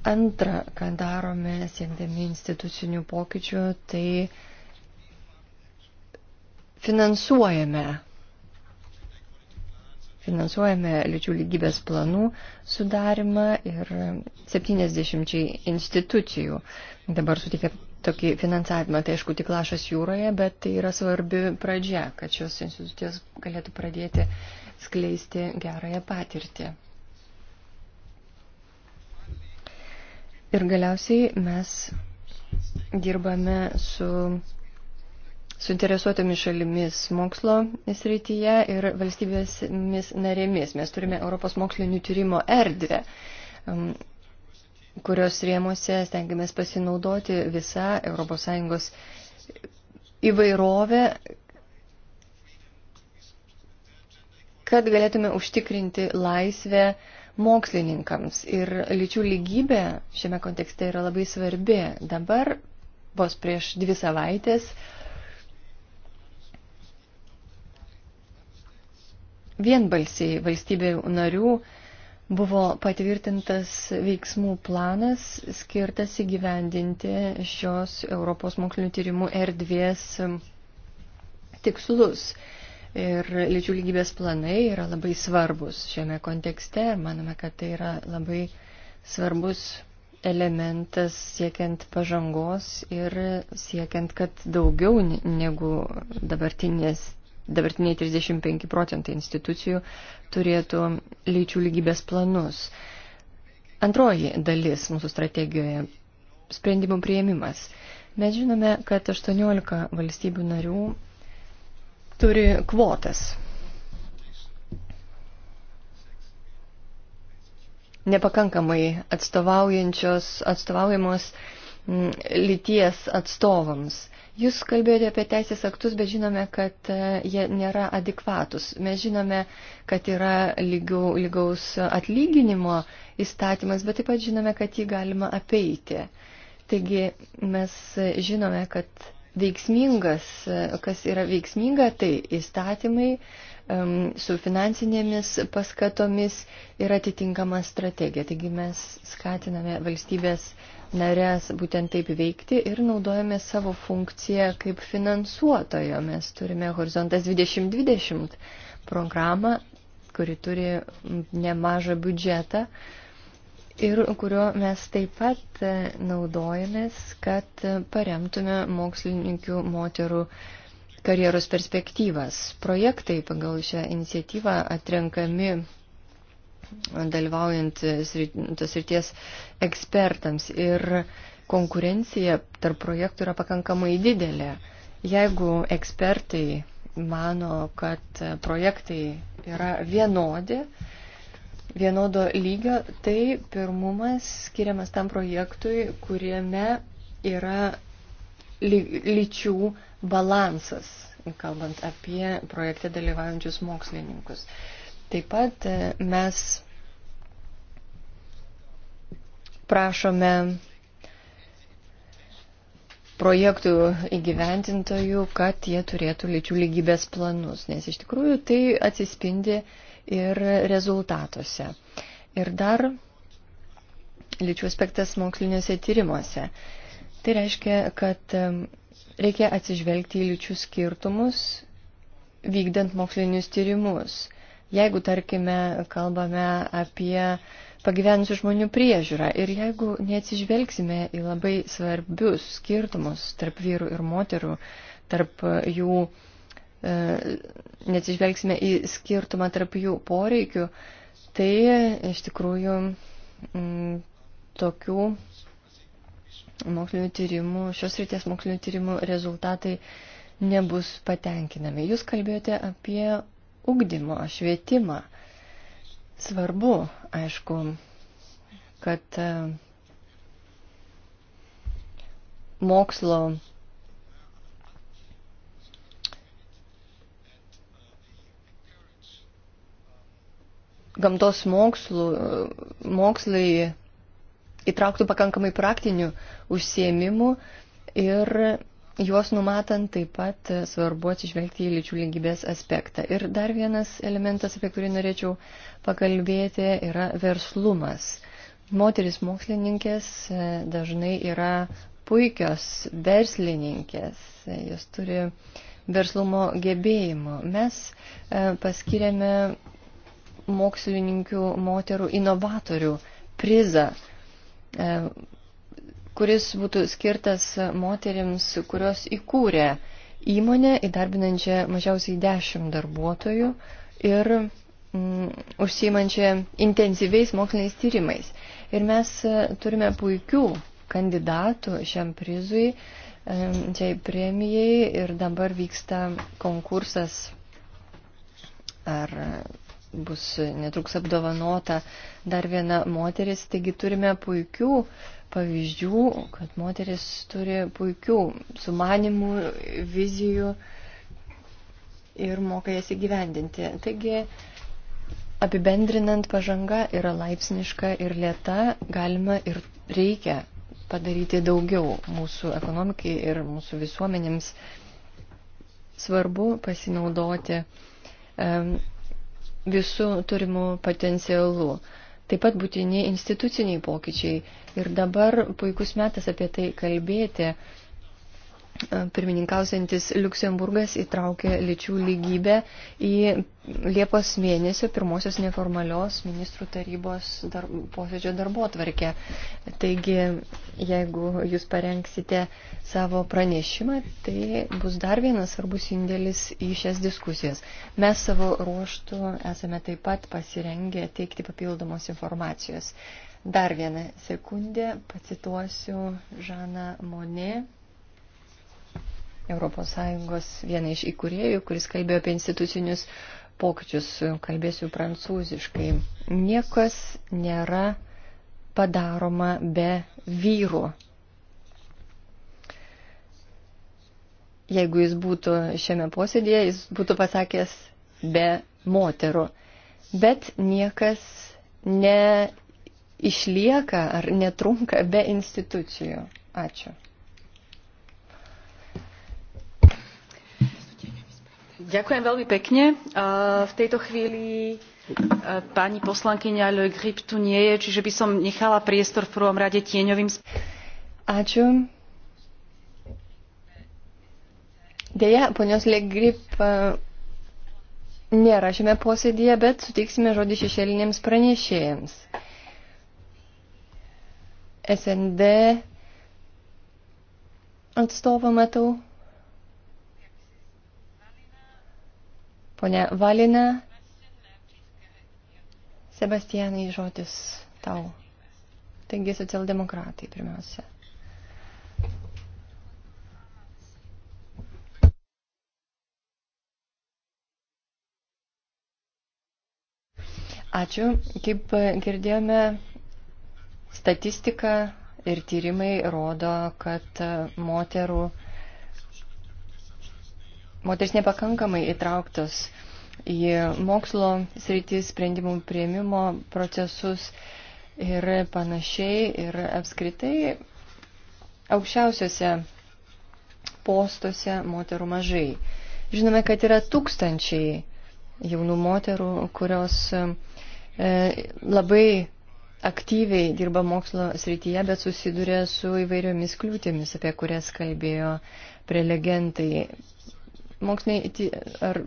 Antra, ką darome siekdami institucinių pokyčių, tai finansuojame finansuojame lyčių lygybės planų sudarimą ir 70 institucijų dabar suteikia tokį finansavimą. Tai aišku, tik lašas jūroje, bet tai yra svarbi pradžia, kad šios institucijos galėtų pradėti skleisti gerąją patirtį. Ir galiausiai mes dirbame su suinteresuotomis šalimis mokslo srityje ir valstybėmis narėmis. Mes turime Europos mokslinių tyrimo erdvę um, kurios rėmose stengiamės pasinaudoti visą ES įvairovę, kad galėtume užtikrinti laisvę mokslininkams. Ir lyčių lygybė šiame kontekste yra labai svarbi. Dabar, vos prieš dvi savaitės, uh, vienbalsiai valstybių narių buvo patvirtintas veiksmų planas skirtas įgyvendinti šios Europos mokslinio tyrimų erdvės tikslus. Ir lyčių lygybės planai yra labai svarbus šiame kontekste ir manome, kad tai yra labai svarbus elementas siekiant pažangos ir siekiant, kad daugiau negu dabartinės dabartiniai 35 procentai institucijų turėtų lyčių lygybės planus. Antroji dalis mūsų strategijoje - sprendimų prieimimas. Mes žinome, kad 18 valstybių narių turi kvotas. Nepakankamai atstovaujamos mm, lyties atstovams. Jūs kalbėjote apie teisės aktus, bet žinome, kad e, jie nėra adekvatus. Mes žinome, kad yra lygiau, lygaus atlyginimo įstatymas, bet taip pat žinome, kad jį galima apeiti. Taigi mes žinome, kad veiksmingas, kas yra veiksminga, tai įstatymai su finansinėmis paskatomis ir atitinkama strategija. Taigi mes skatiname valstybės narės būtent taip veikti ir naudojame savo funkciją kaip finansuotojo. Mes turime Horizontas 2020 programą, kuri turi nemažą biudžetą ir kurio mes taip pat naudojamės, kad paremtume mokslininkių moterų karjeros perspektyvas. Projektai pagal šią iniciatyvą atrenkami dalyvaujant tos ryties ekspertams. Ir konkurencija tarp projektų yra pakankamai didelė. Jeigu ekspertai mano, kad projektai yra vienodi, vienodo lygio, tai pirmumas skiriamas tam projektui, kuriame yra ly lyčių balansas, kalbant apie projekte dalyvaujančius mokslininkus. Uh, Taip pat e, mes prašome projektų įgyventintojų, kad jie turėtų lyčių lygybės planus, nes iš tikrųjų tai atsispindi ir rezultatuose. Ir dar lyčių aspektas moksliniuose tyrimuose. Tai reiškia, kad e, reikia atsižvelgti į lyčių skirtumus, vykdant mokslinius tyrimus. Jeigu, tarkime, kalbame apie pagyvenusių žmonių priežiūrą ir jeigu neatsižvelgsime į labai svarbius skirtumus tarp vyrų ir moterų, tarp jų, e, neatsižvelgsime į skirtumą tarp jų poreikių, tai iš tikrųjų m, tokių mokslinių tyrimų, šios ryties mokslinių tyrimų rezultatai nebus patenkinami. Jūs kalbėjote apie ugdymo, švietimą. Svarbu, aišku, kad e, mokslo gamtos mokslų, mokslai įtrauktų pakankamai praktinių užsiemimų ir juos numatant taip pat svarbu atsižvelgti į lyčių lygybės aspektą. Ir dar vienas elementas, apie kurį norėčiau pakalbėti, yra verslumas. Moteris mokslininkės e, dažnai yra puikios verslininkės, e, jos turi verslumo gebėjimų. Mes e, paskiriame mokslininkių moterų inovatorių prizą kuris būtų skirtas moteriams, kurios įkūrė įmonę įdarbinančią mažiausiai 10 darbuotojų ir mm, užsiimančią intensyviais moksliniais tyrimais. Ir mes e, turime puikių kandidatų šiam prizui, e, šiai premijai ir dabar vyksta konkursas, ar bus netruks apdovanota dar viena moteris, taigi turime puikių pavyzdžių, kad moteris turi puikių sumanimų, vizijų ir moka jas įgyvendinti. Taigi, apibendrinant, pažanga yra laipsniška ir lėta, galima ir reikia padaryti daugiau mūsų ekonomikai ir mūsų visuomenėms. Svarbu pasinaudoti um, visų turimų potencialų. Uh, Taip pat būtini instituciniai pokyčiai. Ir dabar puikus metas apie tai kalbėti pirmininkausiantis Luksemburgas įtraukė lyčių lygybę į Liepos mėnesio pirmosios neformalios ministrų tarybos dar, posėdžio darbo atvarkę. Taigi, jeigu jūs parengsite savo pranešimą, tai bus dar vienas svarbus indėlis į šias diskusijas. Mes savo ruoštų esame taip pat pasirengę teikti papildomos informacijos. Dar vieną sekundę pacituosiu Žaną Monė, ES vieną iš įkūrėjų, kuris kalbėjo apie institucinius pokyčius, kalbėsiu prancūziškai. Niekas nėra padaroma be vyrų. Jeigu jis būtų šiame posėdėje, jis būtų pasakęs be moterų. Bet niekas neišlieka ar netrunka be institucijų. Ačiū. Ďakujem veľmi pekne. V tejto chvíli e, pani poslankyňa Le Grip tu nie je, čiže by som nechala priestor v prvom rade tieňovým. Ačiū. Deja, ponios Le Grip e, nėra šiame posėdėje, bet suteiksime žodį šešėlinėms pranešėjams. SND atstovą matau. Pone Valina, Sebastianai žodis tau. Taigi socialdemokratai pirmiausia. Ačiū. Kaip girdėjome, statistika ir tyrimai rodo, kad moterų Moters nepakankamai įtrauktos į mokslo sritį sprendimų prieimimo procesus ir panašiai. Ir apskritai aukščiausiose postuose moterų mažai. Žinome, kad yra tūkstančiai jaunų moterų, kurios e, labai aktyviai dirba mokslo srityje, bet susiduria su įvairiomis kliūtėmis, apie kurias kalbėjo prelegentai moksliniai ar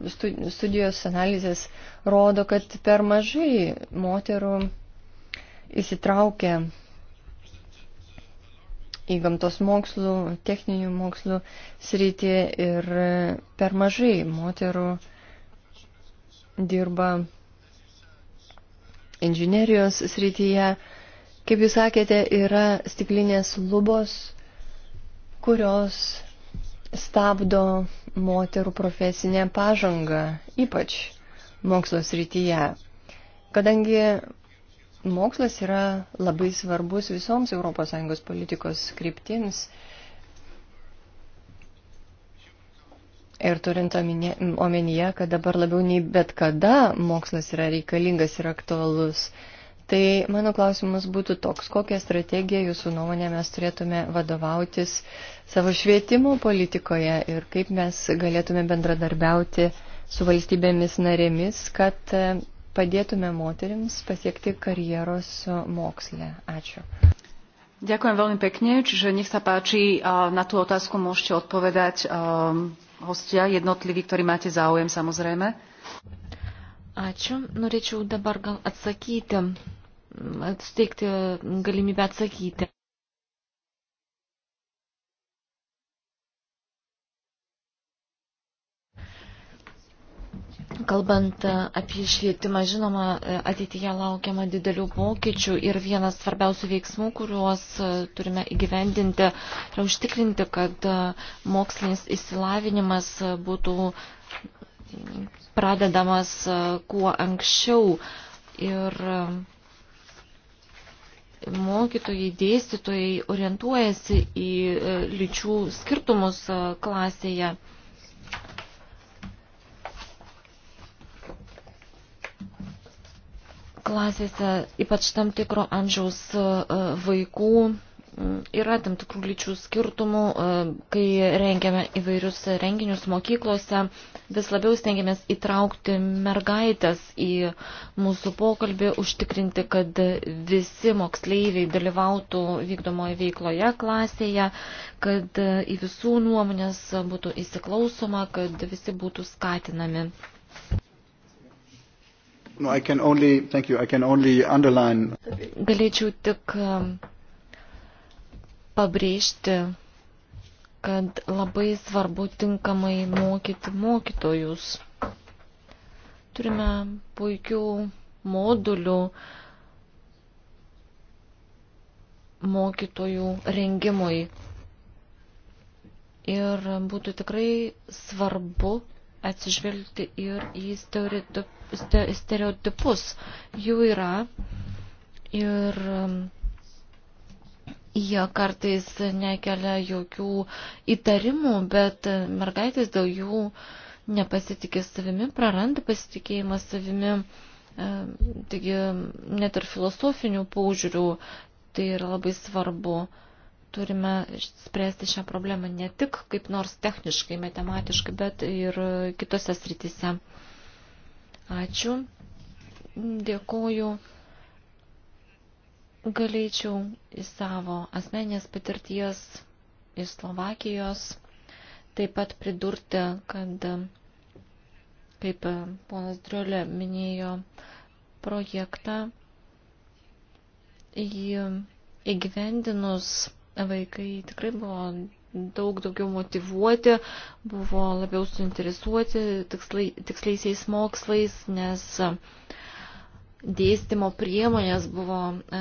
studijos analizės rodo, kad per mažai moterų įsitraukia į gamtos mokslų, techninių mokslų sritį ir per mažai moterų dirba inžinerijos srityje. Kaip jūs sakėte, yra stiklinės lubos, kurios stabdo moterų profesinę pažangą, ypač mokslo srityje. Kadangi mokslas yra labai svarbus visoms ES politikos kryptims ir turint omenyje, kad dabar labiau nei bet kada mokslas yra reikalingas ir aktualus, Tai mano klausimas būtų toks, kokią strategiją jūsų nuomonė mes turėtume vadovautis savo švietimo politikoje ir kaip mes galėtume bendradarbiauti su valstybėmis narėmis, kad e, padėtume moterims pasiekti karjeros mokslę. Ačiū. Ďakujem veľmi pekne, čiže nech sa páči, na tú otázku môžete odpovedať hostia jednotliví, ktorý máte záujem samozrejme. Ačiū. Norėčiau dabar gal atsakyti steigti galimybę atsakyti. Kalbant apie švietimą, žinoma, ateityje laukiama didelių pokyčių ir vienas svarbiausių veiksmų, kuriuos turime įgyvendinti, yra užtikrinti, kad mokslinis įsilavinimas būtų pradedamas kuo anksčiau ir mokytojai, dėstytojai orientuojasi į e, lyčių skirtumus e, klasėje. Klasėse ypač tam tikro amžiaus e, vaikų Yra tam tikrų lyčių skirtumų, e, kai rengiame įvairius renginius mokyklose, vis labiau stengiamės įtraukti mergaitės į mūsų pokalbį, užtikrinti, kad visi moksleiviai dalyvautų vykdomoje veikloje klasėje, kad į visų nuomonės būtų įsiklausoma, kad visi būtų skatinami. No, only, only Galėčiau tik pabrėžti, kad labai svarbu tinkamai mokyti mokytojus. Turime puikių modulių mokytojų rengimui. Ir būtų tikrai svarbu atsižvelgti ir į stereotipus. Jų yra ir Jie kartais nekelia jokių įtarimų, bet mergaitės dėl jų nepasitikė savimi, praranda pasitikėjimą savimi. E, taigi net ir filosofinių paužiūrių tai yra labai svarbu. Turime spręsti šią problemą ne tik kaip nors techniškai, matematiškai, bet ir kitose sritise. Ačiū. Dėkuoju galėčiau į savo asmenės patirties iš Slovakijos taip pat pridurti, kad, kaip ponas Driulė minėjo, projektą jį įgyvendinus vaikai tikrai buvo daug daugiau motivuoti, buvo labiau suinteresuoti tikslai, tiksliaisiais mokslais, nes uh, dėstymo priemonės buvo e,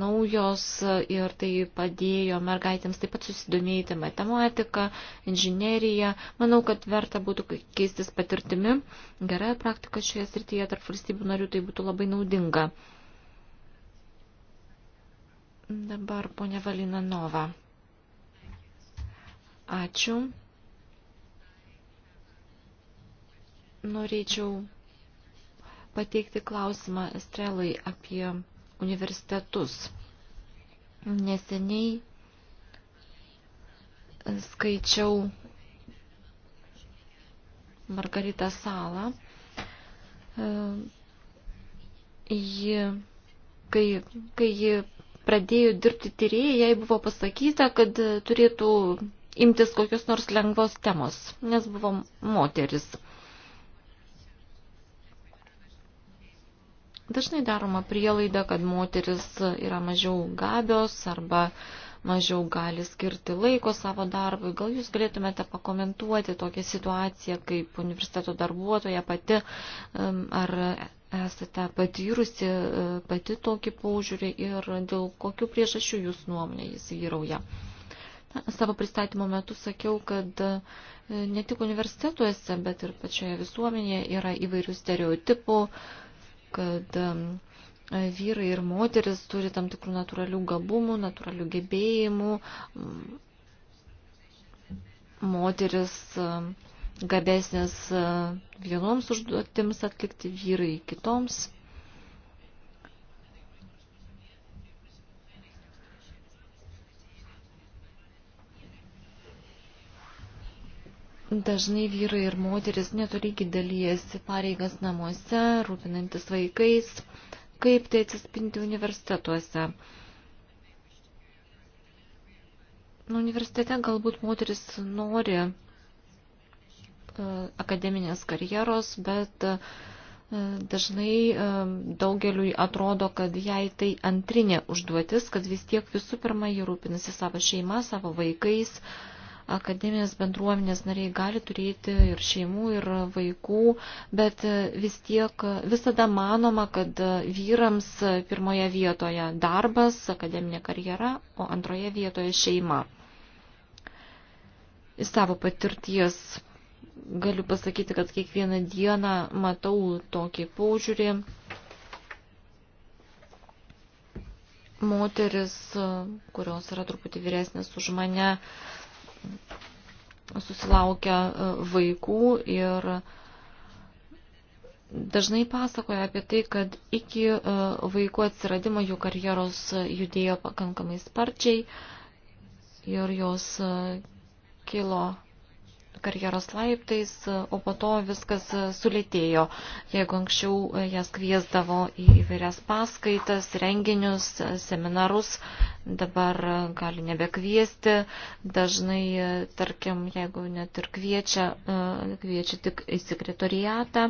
naujos ir tai padėjo mergaitėms taip pat susidomėti matematiką, inžineriją. Manau, kad verta būtų keistis patirtimi. Gerąją praktiką šioje srityje tarp valstybių narių tai būtų labai naudinga. Dabar ponia Valina Nova. Ačiū. Norėčiau pateikti klausimą Estrelai apie universitetus. Neseniai skaičiau Margaritą Salą. Ji, kai, kai ji pradėjo dirbti tyrėjai, jai buvo pasakyta, kad turėtų imtis kokios nors lengvos temos, nes buvo moteris. Dažnai daroma prielaida, kad moteris yra mažiau gabios arba mažiau gali skirti laiko savo darbui. Gal jūs galėtumėte pakomentuoti tokią situaciją, kaip universiteto darbuotoja pati, ar esate patyrusi e, pati tokį paužiūrį ir dėl kokių priežasčių jūs nuomonė jis vyrauja. Na, savo pristatymo metu sakiau, kad e, ne tik universitetuose, bet ir pačioje visuomenėje yra įvairių stereotipų, kad vyrai ir moteris turi tam tikrų natūralių gabumų, natūralių gebėjimų. Moteris gabesnės vienoms užduotims atlikti, vyrai kitoms. Dažnai vyrai ir moteris netolygiai dalyjasi pareigas namuose, rūpinantis vaikais, kaip tai atsispinti universitetuose. Nu, universitete galbūt moteris nori e, akademinės karjeros, bet e, dažnai e, daugeliui atrodo, kad jai tai antrinė užduotis, kad vis tiek visų pirma jį rūpinasi savo šeima, savo vaikais, akademinės bendruomenės nariai gali turėti ir šeimų, ir vaikų, bet e, vis tiek visada manoma, kad e, vyrams pirmoje vietoje darbas, akademinė karjera, o antroje vietoje šeima. Iš savo patirties galiu pasakyti, kad kiekvieną dieną matau tokį požiūrį. Moteris, kurios yra truputį vyresnės už mane, susilaukia e, vaikų ir dažnai pasakoja apie tai, kad iki e, vaikų atsiradimo jų karjeros e, judėjo pakankamai sparčiai ir jos kilo karjeros laiptais, o po to viskas e, sulėtėjo. Jeigu anksčiau e, jas kviesdavo į įvairias paskaitas, renginius, e, seminarus, dabar gali nebekviesti. Dažnai, tarkim, jeigu net ir kviečia, kviečia tik į sekretoriatą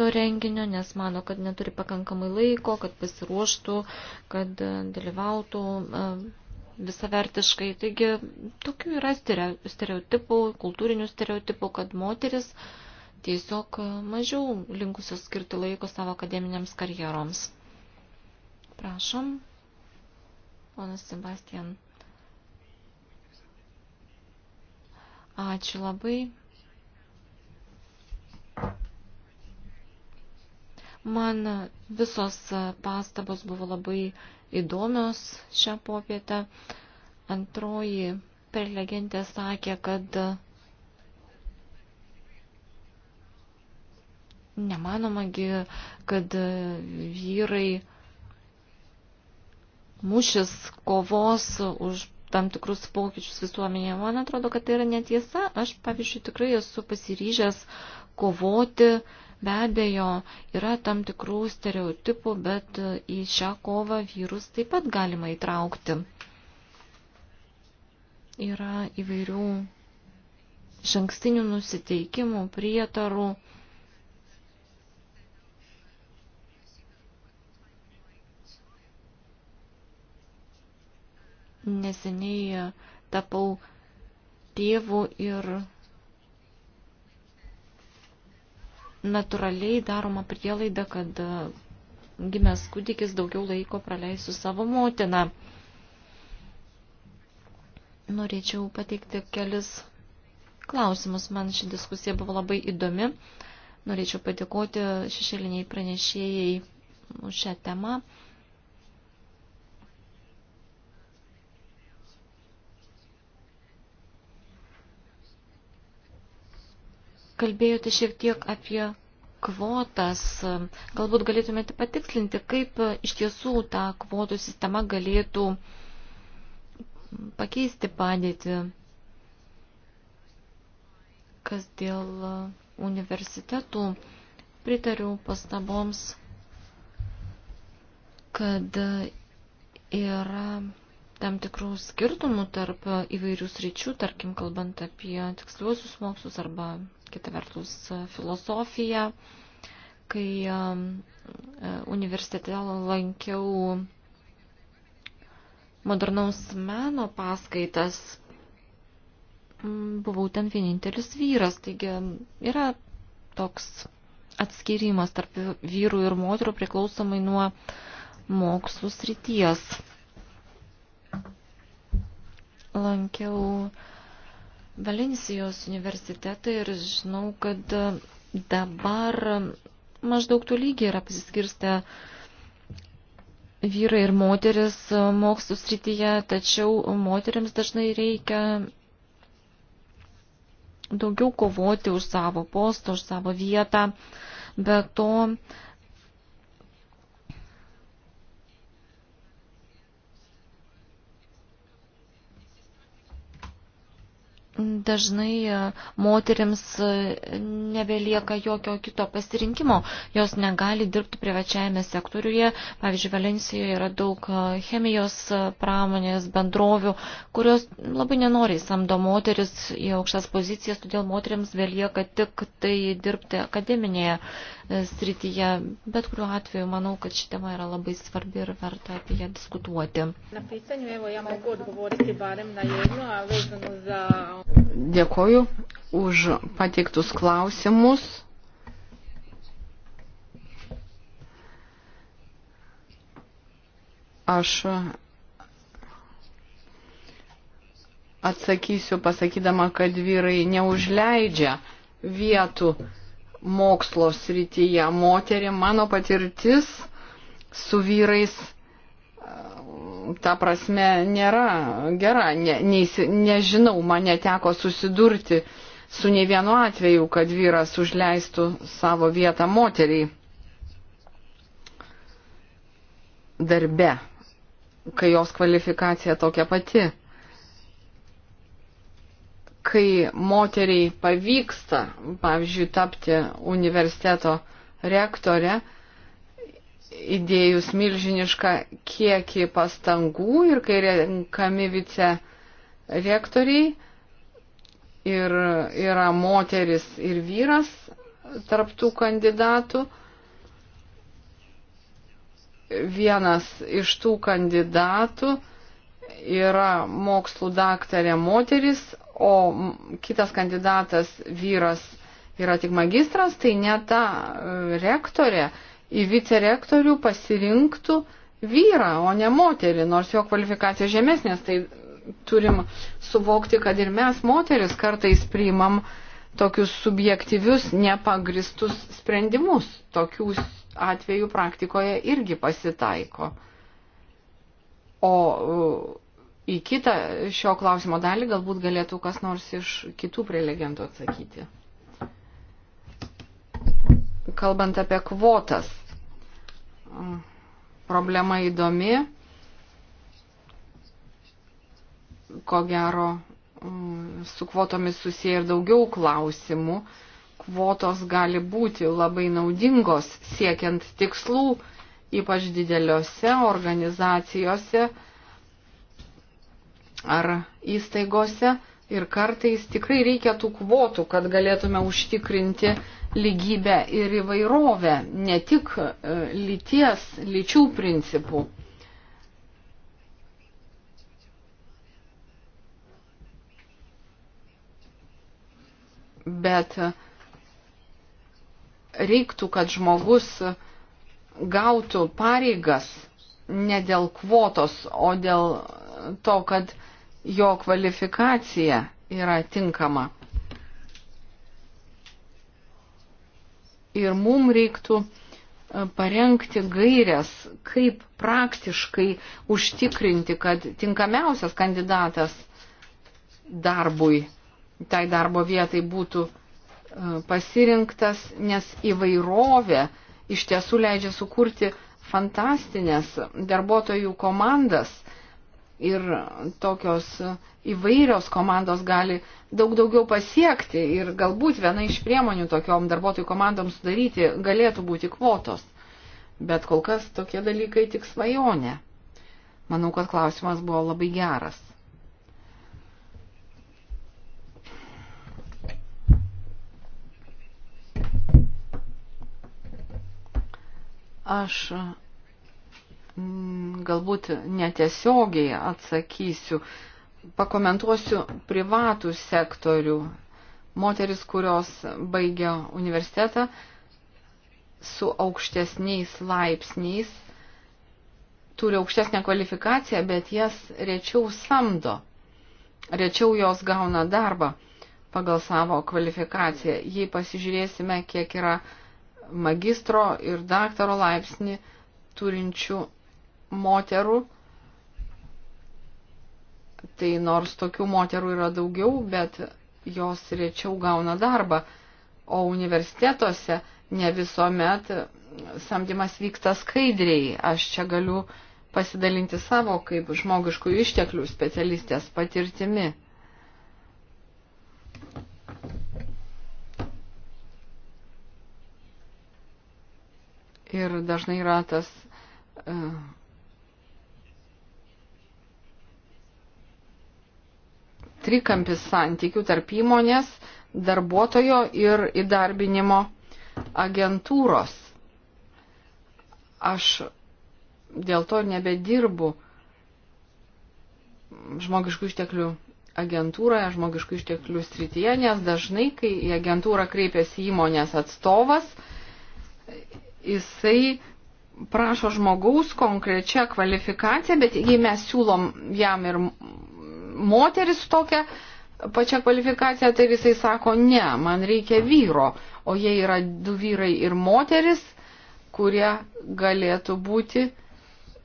to renginio, nes mano, kad neturi pakankamai laiko, kad pasiruoštų, kad dalyvautų visavertiškai. Taigi tokių yra stereotipų, kultūrinių stereotipų, kad moteris tiesiog mažiau linkusios skirti laiko savo akademiniams karjeroms. Prašom, ponas Sebastian. Ačiū labai. Man visos pastabos buvo labai įdomios šią popietę. Antroji prelegentė sakė, kad nemanomagi, kad vyrai mušis kovos už tam tikrus pokyčius visuomenėje. Man atrodo, kad tai yra netiesa. Aš, pavyzdžiui, tikrai esu pasiryžęs kovoti uh, Be abejo, yra tam tikrų stereotipų, bet į šią kovą vyrus taip pat galima įtraukti. Yra įvairių šankstinių nusiteikimų, prietarų. Neseniai tapau tėvų ir natūraliai daroma prielaida, kad e, gimęs kūdikis daugiau laiko praleis su savo motina. Norėčiau pateikti kelis klausimus. Man ši diskusija buvo labai įdomi. Norėčiau padėkoti šešėliniai pranešėjai už šią temą. kalbėjote šiek tiek apie kvotas. Galbūt galėtumėte patikslinti, kaip iš tiesų ta kvotų sistema galėtų pakeisti padėtį, kas dėl universitetų pritariu pastaboms, kad yra tam tikrų skirtumų tarp įvairių sričių, tarkim, kalbant apie tiksliuosius mokslus arba kita vertus filosofija. Kai um, universitete lankiau modernaus meno paskaitas, mm, buvau ten vienintelis vyras, taigi yra toks atskirimas tarp vyrų ir moterų priklausomai nuo mokslų srities. Lankiau uh, Valencijos universitetą ir žinau, kad dabar maždaug tų lygiai yra pasiskirstę vyrai ir moteris mokslo srityje, tačiau moteriams dažnai reikia daugiau kovoti už savo postą, už savo vietą. Be to, dažnai e, moteriams e, nebelieka jokio kito pasirinkimo. Jos negali dirbti privačiajame sektoriuje. Pavyzdžiui, Valencijoje yra daug e, chemijos pramonės bendrovių, kurios labai nenoriai samdo moteris į aukštas pozicijas, todėl moteriams belieka tik tai dirbti akademinėje E, srityje. Bet kuriuo atveju manau, kad ši tema yra labai svarbi ir verta apie ją diskutuoti. Dėkoju už pateiktus klausimus. Aš atsakysiu pasakydama, kad vyrai neužleidžia vietų mokslo srityje moterį. Mano patirtis su vyrais, e, ta prasme, nėra gera. Ne, neįsi, nežinau, man neteko susidurti su ne vienu atveju, kad vyras užleistų savo vietą moteriai darbe, kai jos kvalifikacija tokia pati kai moteriai pavyksta, pavyzdžiui, tapti universiteto rektore, įdėjus milžinišką kiekį pastangų ir kai renkami vice rektoriai ir yra moteris ir vyras tarptų kandidatų, vienas iš tų kandidatų yra mokslų daktarė moteris, o kitas kandidatas vyras yra tik magistras, tai ne ta e, rektorė į vicerektorių pasirinktų vyrą, o ne moterį, nors jo kvalifikacija žemesnės, tai turim suvokti, kad ir mes moteris kartais priimam tokius subjektyvius, nepagristus sprendimus. Tokių atvejų praktikoje irgi pasitaiko. O į kitą šio klausimo dalį galbūt galėtų kas nors iš kitų prelegentų atsakyti. Kalbant apie kvotas, problema įdomi, ko gero su kvotomis susiję ir daugiau klausimų. Kvotos gali būti labai naudingos siekiant tikslų, ypač dideliuose organizacijose ar įstaigose. Ir kartais tikrai reikia tų kvotų, kad galėtume užtikrinti lygybę ir įvairovę, ne tik e, lyties, lyčių principų. Bet e, reiktų, kad žmogus gautų pareigas ne dėl kvotos, o dėl to, kad jo kvalifikacija yra tinkama. Ir mums reiktų e, parengti gairias, kaip praktiškai užtikrinti, kad tinkamiausias kandidatas darbui, tai darbo vietai būtų e, pasirinktas, nes įvairovė iš tiesų leidžia sukurti fantastinės darbuotojų komandas, ir tokios įvairios komandos gali daug daugiau pasiekti ir galbūt viena iš priemonių tokiom darbuotojų komandoms sudaryti galėtų būti kvotos. Bet kol kas tokie dalykai tik svajonė. Manau, kad klausimas buvo labai geras. Aš Mm, galbūt netiesiogiai atsakysiu, pakomentuosiu privatų sektorių. Moteris, kurios baigia universitetą su aukštesniais laipsniais, turi aukštesnę kvalifikaciją, bet jas rečiau samdo, rečiau jos gauna darbą pagal savo kvalifikaciją. Jei pasižiūrėsime, kiek yra magistro ir daktaro laipsnį turinčių moterų. Tai nors tokių moterų yra daugiau, bet jos rečiau gauna darbą. O universitetuose ne visuomet samdymas vyksta skaidriai. Aš čia galiu pasidalinti savo kaip žmogiškų išteklių specialistės patirtimi. Ir dažnai yra tas uh, trikampis santykių tarp įmonės, darbuotojo ir įdarbinimo agentūros. Aš dėl to nebedirbu žmogiškų išteklių agentūroje, žmogiškų išteklių srityje, nes dažnai, kai į agentūrą kreipiasi įmonės atstovas, jisai prašo žmogaus konkrečią kvalifikaciją, bet jei mes siūlom jam ir moteris tokia pačia kvalifikacija, tai jisai sako, ne, man reikia vyro, o jie yra du vyrai ir moteris, kurie galėtų būti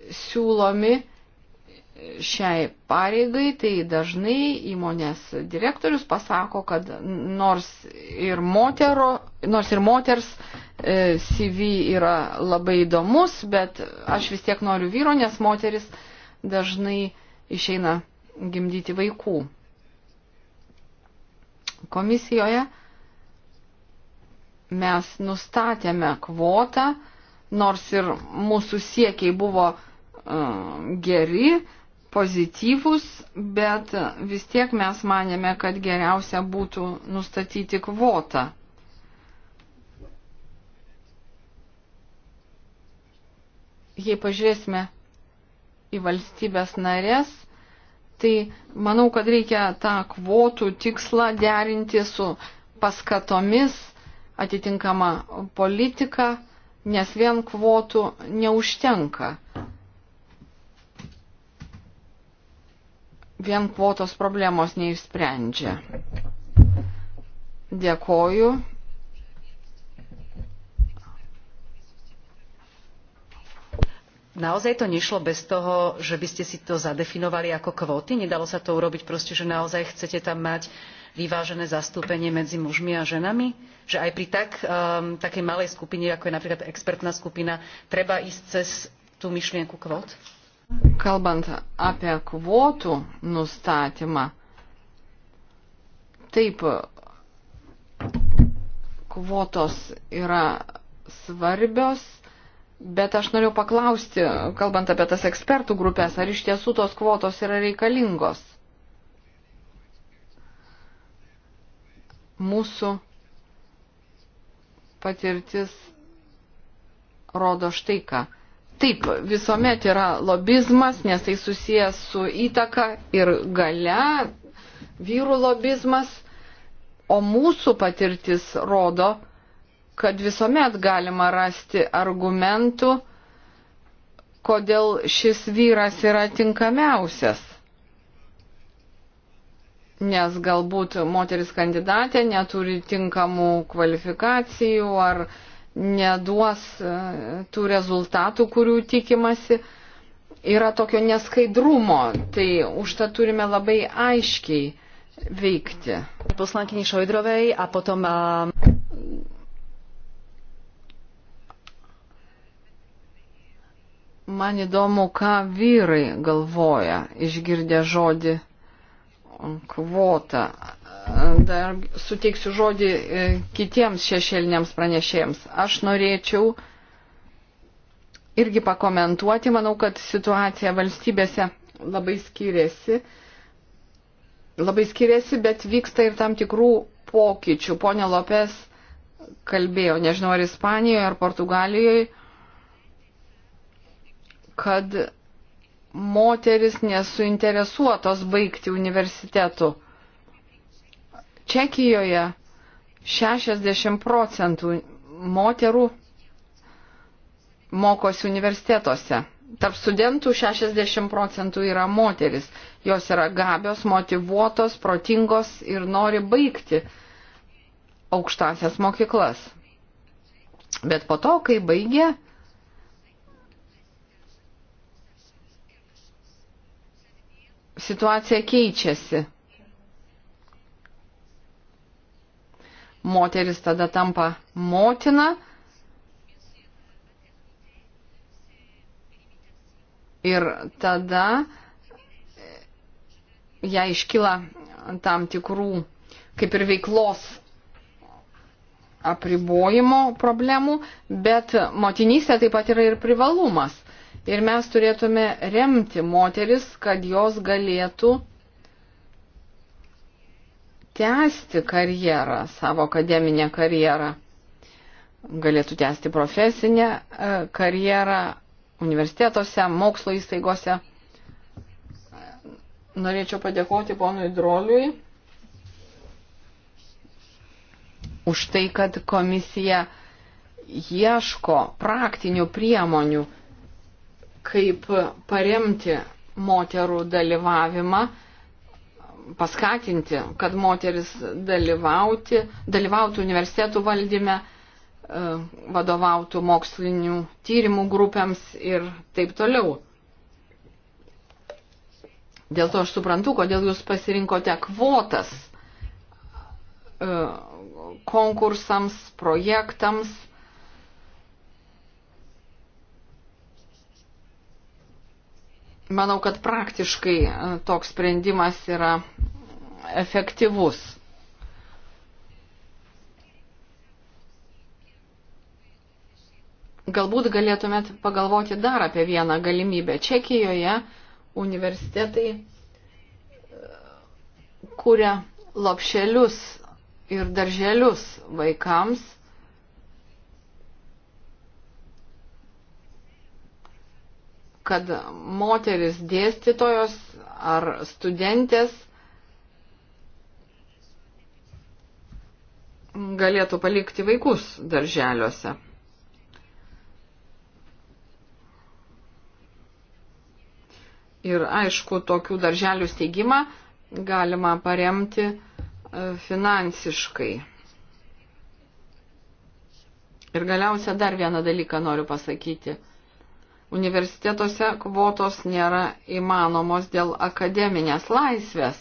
siūlomi šiai pareigai, tai dažnai įmonės direktorius pasako, kad nors ir, motero, nors ir moters e, CV yra labai įdomus, bet aš vis tiek noriu vyro, nes moteris dažnai išeina gimdyti vaikų. Komisijoje mes nustatėme kvotą, nors ir mūsų siekiai buvo e, geri, pozityvus, bet vis tiek mes manėme, kad geriausia būtų nustatyti kvotą. Jei pažiūrėsime į valstybės narės, Tai manau, kad reikia tą kvotų tikslą derinti su paskatomis atitinkama politika, nes vien kvotų neužtenka. Vien kvotos problemos neišsprendžia. Dėkoju. naozaj to nešlo bez toho že by ste si to zadefinovali ako kvóty nedalo sa to urobiť proste že naozaj chcete tam mať vyvážené zastúpenie medzi mužmi a ženami že aj pri tak, um, takej malej skupine ako je napríklad expertná skupina treba ísť cez tú myšlienku kvót? Kalbant apie kvotų nustatymą, taip, kvotos yra svarbios Bet aš noriu paklausti, kalbant apie tas ekspertų grupės, ar iš tiesų tos kvotos yra reikalingos? Mūsų patirtis rodo štai ką. Taip, visuomet yra lobizmas, nes tai susijęs su įtaka ir gale, vyrų lobizmas, o mūsų patirtis rodo, kad visuomet galima rasti argumentų, kodėl šis vyras yra tinkamiausias. Nes galbūt moteris kandidatė neturi tinkamų kvalifikacijų ar neduos e, tų rezultatų, kurių tikimasi. Yra tokio neskaidrumo, tai užtą turime labai aiškiai veikti. Poslankiniai Šoidrovai, a potom. A Man įdomu, ką vyrai galvoja išgirdę žodį um, kvota. Dar suteiksiu žodį e, kitiems šešėliniams pranešėjams. Aš norėčiau irgi pakomentuoti. Manau, kad situacija valstybėse labai skiriasi. Labai skiriasi, bet vyksta ir tam tikrų pokyčių. Pone Lopes kalbėjo, nežinau, ar Ispanijoje, ar Portugalijoje kad moteris nesuinteresuotos baigti universitetų. Čekijoje 60 procentų moterų mokosi universitetuose. Tarp studentų 60 procentų yra moteris. Jos yra gabios, motivuotos, protingos ir nori baigti aukštasias mokyklas. Bet po to, kai baigė, situacija keičiasi. Moteris tada tampa motina ir tada ją iškyla tam tikrų kaip ir veiklos apribojimo problemų, bet motinystė taip pat yra ir privalumas. Ir mes turėtume remti moteris, kad jos galėtų tęsti karjerą, savo akademinę karjerą. Galėtų tęsti profesinę e, karjerą universitetuose, mokslo įstaigose. Norėčiau padėkoti ponui Droliui už tai, kad komisija ieško praktinių priemonių kaip paremti moterų dalyvavimą, paskatinti, kad moteris dalyvauti, dalyvautų universitetų valdyme, e, vadovautų mokslinių tyrimų grupėms ir taip toliau. Dėl to aš suprantu, kodėl jūs pasirinkote kvotas e, konkursams, projektams, manau, kad praktiškai e, toks sprendimas yra efektyvus. Galbūt galėtumėt pagalvoti dar apie vieną galimybę. Čekijoje universitetai e, kuria lopšelius ir darželius vaikams kad moteris dėstytojos ar studentės galėtų palikti vaikus darželiuose. Ir aišku, tokių darželių steigimą galima paremti e, finansiškai. Ir galiausia dar vieną dalyką noriu pasakyti. Universitetuose kvotos nėra įmanomos dėl akademinės laisvės.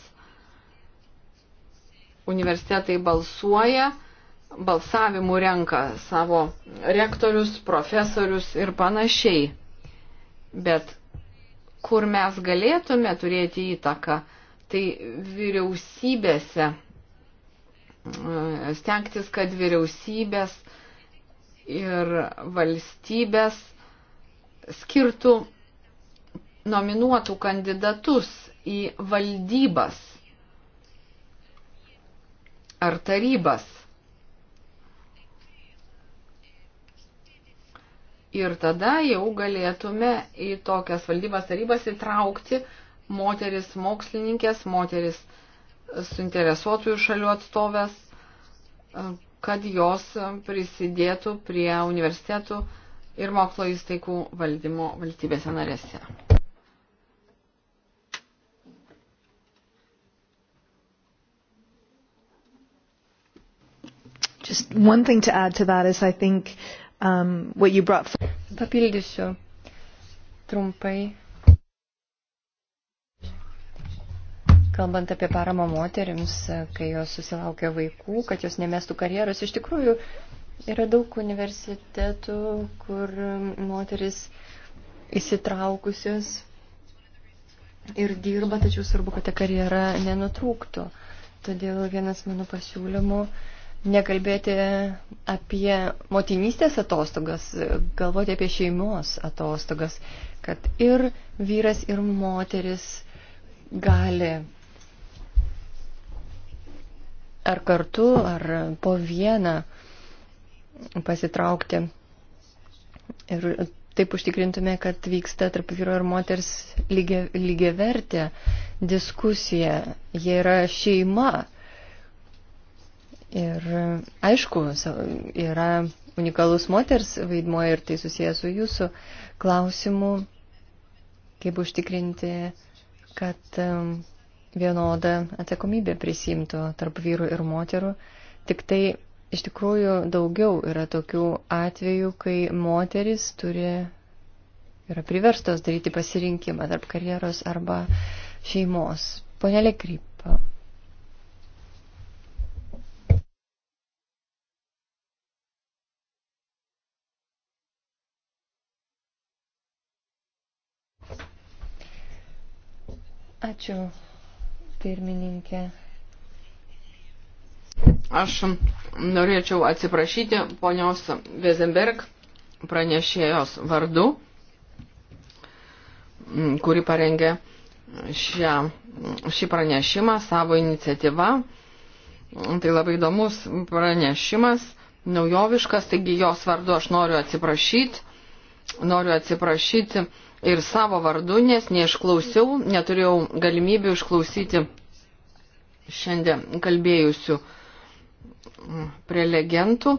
Universitetai balsuoja, balsavimu renka savo rektorius, profesorius ir panašiai. Bet kur mes galėtume turėti įtaką, tai vyriausybėse stengtis, kad vyriausybės ir valstybės skirtų nominuotų kandidatus į valdybas ar tarybas. Ir tada jau galėtume į tokias valdybas tarybas įtraukti moteris mokslininkės, moteris suinteresuotųjų šalių atstovės, kad jos prisidėtų prie universitetų uh, ir mokslo įstaigų valdymo valstybėse narėse. Just one thing to add to that is I think um, what you brought. Papildysiu trumpai. Kalbant apie paramą moteriams, kai jos susilaukia vaikų, kad jos nemestų karjeros, iš tikrųjų Yra daug universitetų, kur moteris įsitraukusios ir dirba, tačiau svarbu, kad ta karjera nenutrūktų. Todėl vienas mano pasiūlymų nekalbėti apie motinystės atostogas, galvoti apie šeimos atostogas, kad ir vyras, ir moteris gali ar kartu, ar po vieną uh, pasitraukti. Ir taip užtikrintume, kad vyksta tarp vyro ir moters lygia, lygia vertė diskusija. Jie yra šeima. Ir aišku, yra unikalus moters vaidmuo ir tai susijęs su jūsų klausimu, kaip užtikrinti, kad um, vienodą atsakomybę prisimtų tarp vyrų ir moterų. Tik tai Iš tikrųjų, daugiau yra tokių atvejų, kai moteris turi, yra priverstos daryti pasirinkimą tarp karjeros arba šeimos. Pone Lekrypa. Ačiū, pirmininkė. Aš norėčiau atsiprašyti ponios Vezenberg pranešėjos vardu, kuri parengė šią, šį pranešimą savo iniciatyvą. Tai labai įdomus pranešimas, naujoviškas, taigi jos vardu aš noriu atsiprašyti, noriu atsiprašyti ir savo vardu, nes neišklausiau, neturėjau galimybių išklausyti šiandien kalbėjusių uh, prelegentų.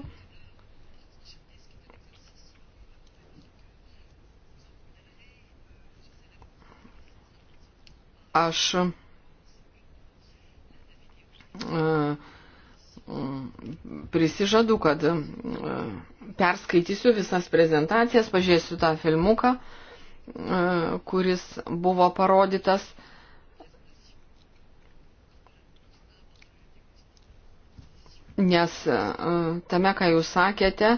Aš e, prisižadu, kad e, perskaitysiu visas prezentacijas, pažiūrėsiu tą filmuką, e, kuris buvo parodytas nes e, tame, ką jūs sakėte,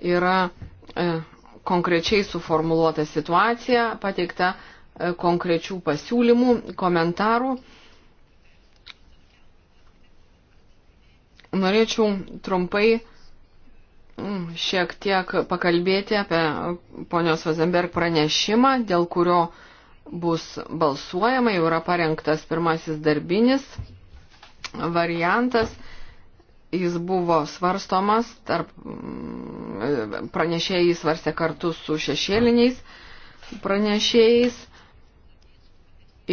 yra e, konkrečiai suformuoluota situacija, pateikta e, konkrečių pasiūlymų, komentarų. Norėčiau trumpai mm, šiek tiek pakalbėti apie ponios Vazenberg pranešimą, dėl kurio bus balsuojama, jau yra parengtas pirmasis darbinis variantas jis buvo svarstomas, tarp mm, pranešėjai svarstė kartu su šešėliniais pranešėjais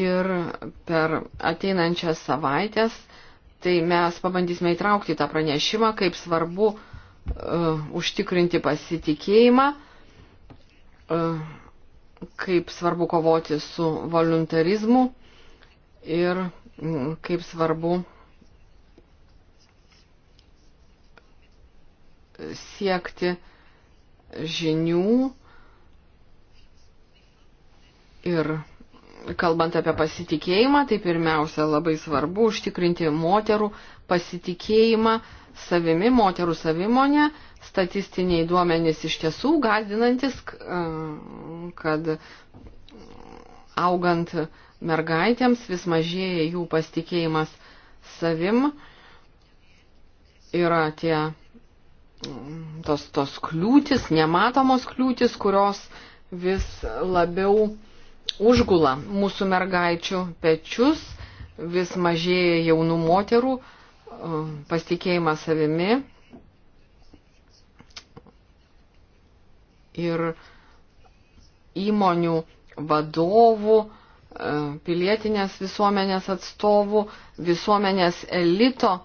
ir per ateinančias savaitės, tai mes pabandysime įtraukti tą pranešimą, kaip svarbu uh, užtikrinti pasitikėjimą, uh, kaip svarbu kovoti su voluntarizmu ir um, kaip svarbu uh, siekti žinių ir kalbant apie pasitikėjimą, tai pirmiausia labai svarbu užtikrinti moterų pasitikėjimą savimi, moterų savimonę. Statistiniai duomenys iš tiesų gazdinantis, e, kad augant mergaitėms vis mažėja jų pasitikėjimas savim. Yra tie tos, tos kliūtis, nematomos kliūtis, kurios vis labiau užgula mūsų mergaičių pečius, vis mažėja jaunų moterų e, pasitikėjimas savimi. Ir įmonių vadovų, e, pilietinės visuomenės atstovų, visuomenės elito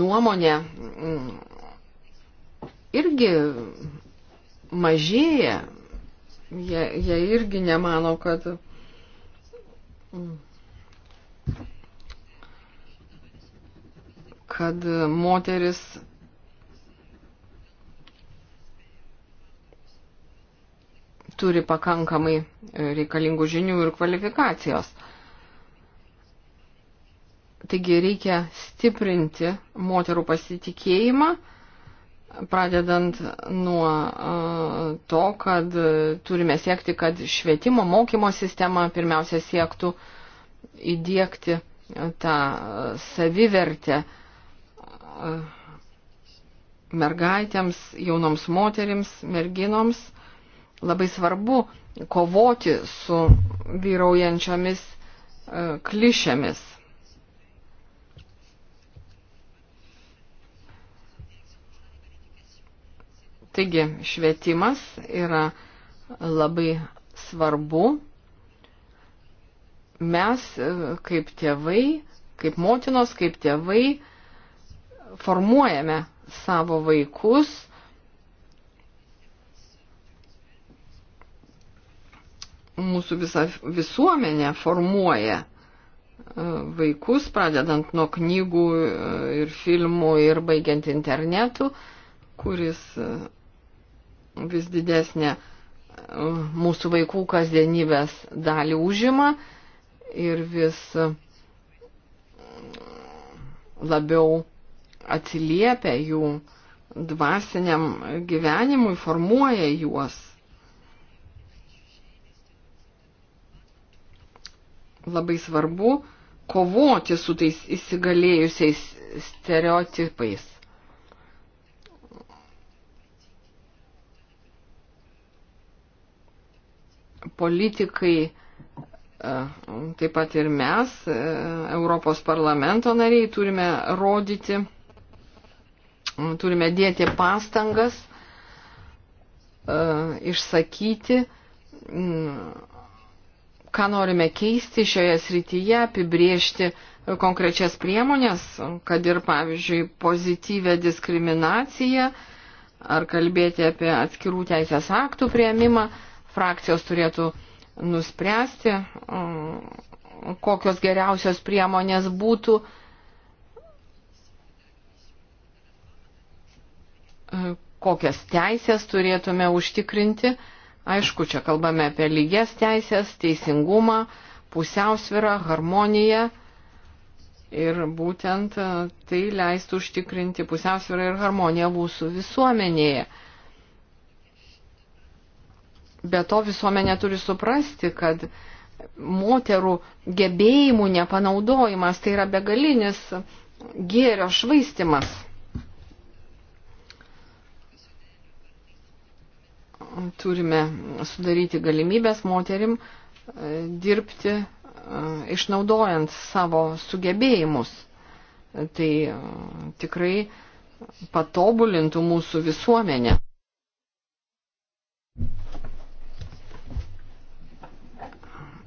nuomonė irgi mažėja. Jie, jie irgi nemano, kad kad moteris turi pakankamai reikalingų žinių ir kvalifikacijos. Taigi reikia stiprinti moterų pasitikėjimą, pradedant nuo to, kad turime siekti, kad švietimo mokymo sistema pirmiausia siektų įdėkti tą savivertę mergaitėms, jaunoms moterims, merginoms. Labai svarbu kovoti su vyraujančiomis klišėmis. Taigi švietimas yra labai svarbu. Mes e, kaip tėvai, kaip motinos, kaip tėvai formuojame savo vaikus. Mūsų visa visuomenė formuoja e, vaikus, pradedant nuo knygų e, ir filmų ir baigiant internetu, kuris vis didesnė e, mūsų vaikų kasdienybės dalį užima ir vis e, labiau atsiliepia jų dvasiniam gyvenimui, formuoja juos. Labai svarbu kovoti su tais įsigalėjusiais stereotipais. politikai, e, taip pat ir mes, e, Europos parlamento nariai, turime rodyti, turime dėti pastangas, e, išsakyti, ką norime keisti šioje srityje, apibriežti konkrečias priemonės, kad ir, pavyzdžiui, pozityvę diskriminaciją, ar kalbėti apie atskirų teisės aktų prieimimą, frakcijos turėtų nuspręsti, um, kokios geriausios priemonės būtų. Uh, kokias teisės turėtume užtikrinti. Aišku, čia kalbame apie lygias teisės, teisingumą, pusiausvirą, harmoniją. Ir būtent uh, tai leistų užtikrinti pusiausvyrą ir harmoniją mūsų visuomenėje. Be to visuomenė turi suprasti, kad moterų gebėjimų nepanaudojimas tai yra begalinis gėrio švaistimas. Turime sudaryti galimybės moterim e, dirbti e, išnaudojant savo sugebėjimus. Tai e, tikrai patobulintų mūsų visuomenę.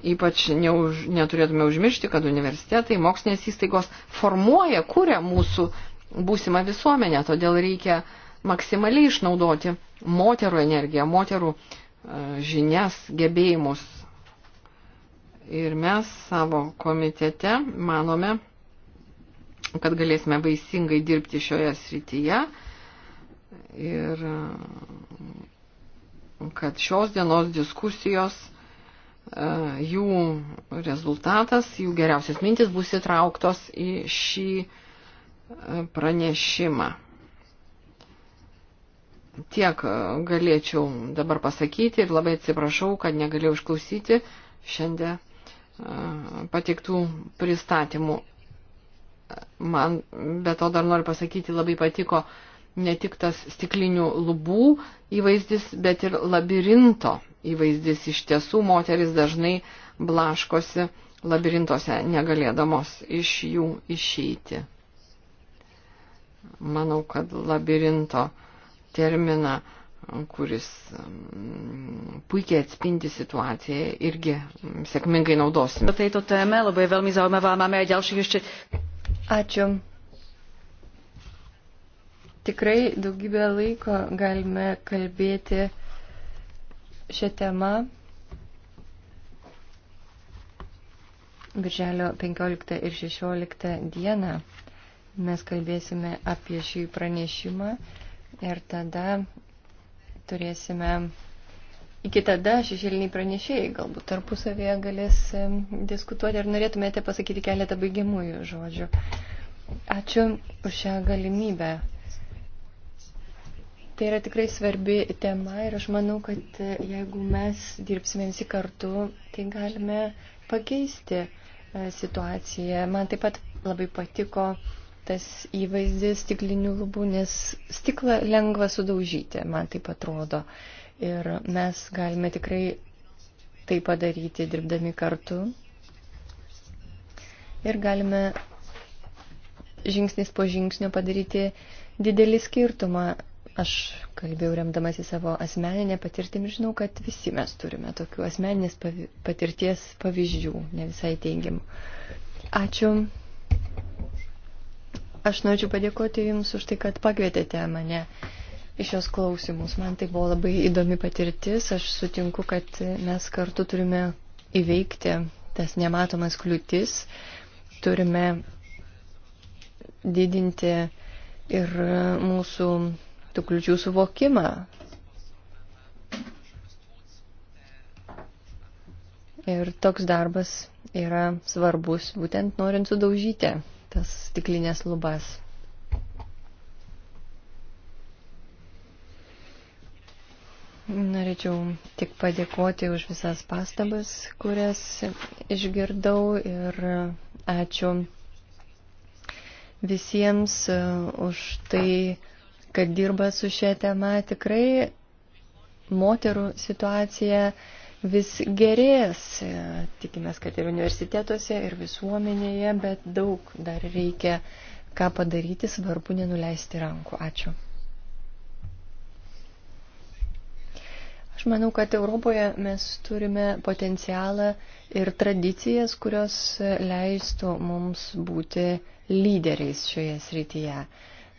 Ypač neuž, neturėtume užmiršti, kad universitetai, mokslinės įstaigos formuoja, kuria mūsų būsimą visuomenę, todėl reikia maksimaliai išnaudoti moterų energiją, moterų e, žinias, gebėjimus. Ir mes savo komitete manome, kad galėsime vaisingai dirbti šioje srityje ir e, kad šios dienos diskusijos jų rezultatas, jų geriausias mintis bus įtrauktos į šį pranešimą. Tiek galėčiau dabar pasakyti ir labai atsiprašau, kad negalėjau išklausyti šiandien patiktų pristatymų. Man be to dar noriu pasakyti, labai patiko ne tik tas stiklinių lubų įvaizdis, bet ir labirinto įvaizdis iš tiesų moteris dažnai blaškosi labirintose, negalėdamos iš jų išeiti. Manau, kad labirinto terminą, kuris mm, puikiai atspindi situaciją, irgi sėkmingai naudosime. Tai to teme labai velmi zaujímavá, máme aj ďalších ešte. Ačiū. Tikrai daugybę laiko galime kalbėti šią temą. Birželio 15 ir 16 dieną mes kalbėsime apie šį pranešimą ir tada turėsime, iki tada šešėliniai pranešėjai galbūt tarpusavėje galės diskutuoti. Ar norėtumėte pasakyti keletą baigiamųjų žodžių? Ačiū už šią galimybę Tai yra tikrai svarbi tema ir aš manau, kad e, jeigu mes dirbsime visi kartu, tai galime pakeisti e, situaciją. Man taip pat labai patiko tas įvaizdis stiklinių lubų, nes stiklą lengva sudaužyti, man taip atrodo. Ir mes galime tikrai tai padaryti dirbdami kartu. Ir galime žingsnis po žingsnio padaryti didelį skirtumą Aš kalbėjau remdamas į savo asmeninę patirtimį, žinau, kad visi mes turime tokių asmeninės patirties pavyzdžių, ne visai teigiamų. Ačiū. Aš norėčiau padėkoti Jums už tai, kad pakvietėte mane iš šios klausimus. Man tai buvo labai įdomi patirtis. Aš sutinku, kad mes kartu turime įveikti tas nematomas kliūtis. Turime didinti ir mūsų tų kliučių suvokimą. Ir toks darbas yra svarbus, būtent norint sudaužyti tas stiklinės lubas. Norėčiau tik padėkoti už visas pastabas, kurias išgirdau ir ačiū visiems uh, už tai, kad dirba su šia tema. Tikrai moterų situacija vis gerės. Tikimės, kad ir universitetuose, ir visuomenėje, bet daug dar reikia ką padaryti, svarbu nenuleisti rankų. Ačiū. Aš manau, kad Europoje mes turime potencialą ir tradicijas, kurios leistų mums būti lyderiais šioje srityje.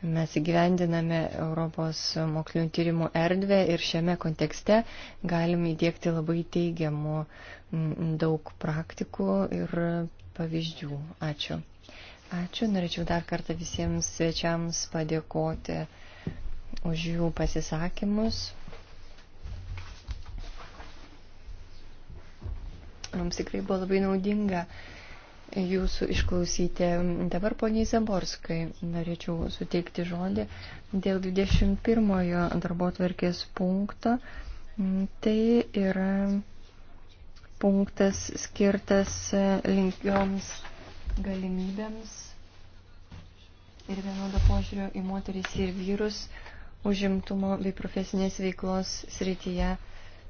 Mes įgyvendiname Europos mokslinio tyrimų erdvę ir šiame kontekste galime įdėkti labai teigiamų daug praktikų ir pavyzdžių. Ačiū. Ačiū. Norėčiau dar kartą visiems svečiams padėkoti už jų pasisakymus. Mums tikrai buvo labai naudinga jūsų išklausyti. Dabar poniai Zaborskai norėčiau suteikti žodį dėl 21-ojo darbo tvarkės punkto. Tai yra punktas skirtas linkioms galimybėms ir vienodo požiūrio į moteris ir vyrus užimtumo bei profesinės veiklos srityje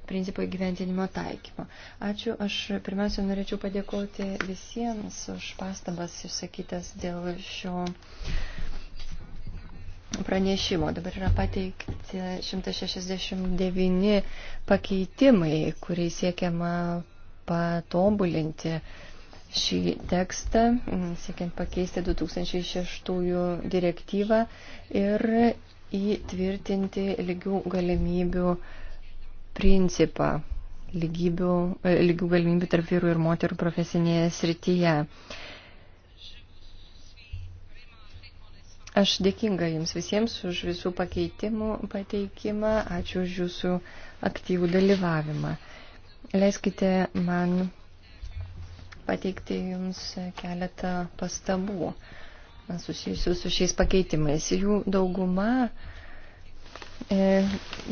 principų įgyventinimo taikymo. Ačiū. Aš pirmiausia norėčiau padėkoti visiems už pastabas išsakytas dėl šio pranešimo. Dabar yra pateikti 169 pakeitimai, kuriais siekiama patobulinti šį tekstą, siekiant pakeisti 2006 direktyvą ir įtvirtinti lygių galimybių uh, principą lygybių, e, lygių galimybių tarp vyrų ir moterų profesinėje srityje. Aš dėkinga Jums visiems už visų pakeitimų pateikimą, ačiū už Jūsų aktyvų dalyvavimą. Leiskite man pateikti Jums keletą pastabų susijusių su šiais pakeitimais. Jų dauguma uh, E,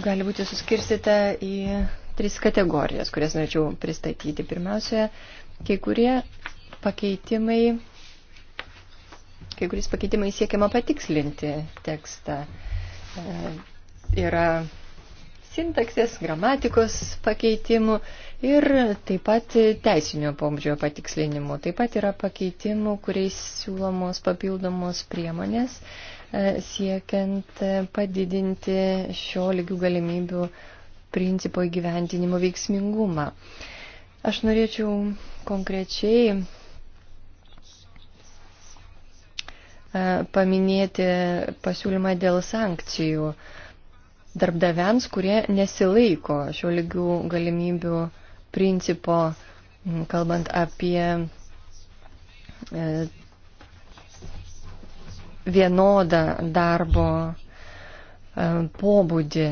gali būti suskirstyta į tris kategorijas, kurias norėčiau pristatyti. Pirmiausia, kai kurie pakeitimai, kai kuris pakeitimai siekiama patikslinti tekstą. E, yra sintaksės, gramatikos pakeitimų ir taip pat teisinio pomdžio patikslinimų. Taip pat yra pakeitimų, kuriais siūlomos papildomos priemonės E, siekiant e, padidinti šio lygių galimybių principo įgyventinimo veiksmingumą. Aš norėčiau konkrečiai e, paminėti pasiūlymą dėl sankcijų darbdaviams, kurie nesilaiko šio lygių galimybių principo, kalbant apie vienodą darbo e, pobūdį.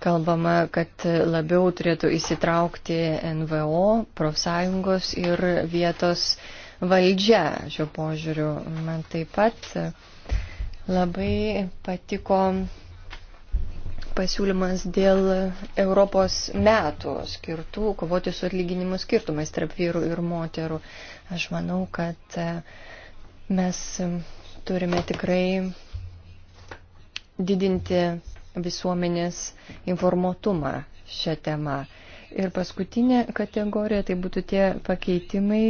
Kalbama, kad labiau turėtų įsitraukti NVO, profsąjungos ir vietos valdžia. Šiuo požiūriu man taip pat labai patiko pasiūlymas dėl Europos metų skirtų kovoti su atlyginimu skirtumais tarp vyrų ir moterų. Aš manau, kad e, mes turime tikrai didinti visuomenės informuotumą šią temą. Ir paskutinė kategorija tai būtų tie pakeitimai,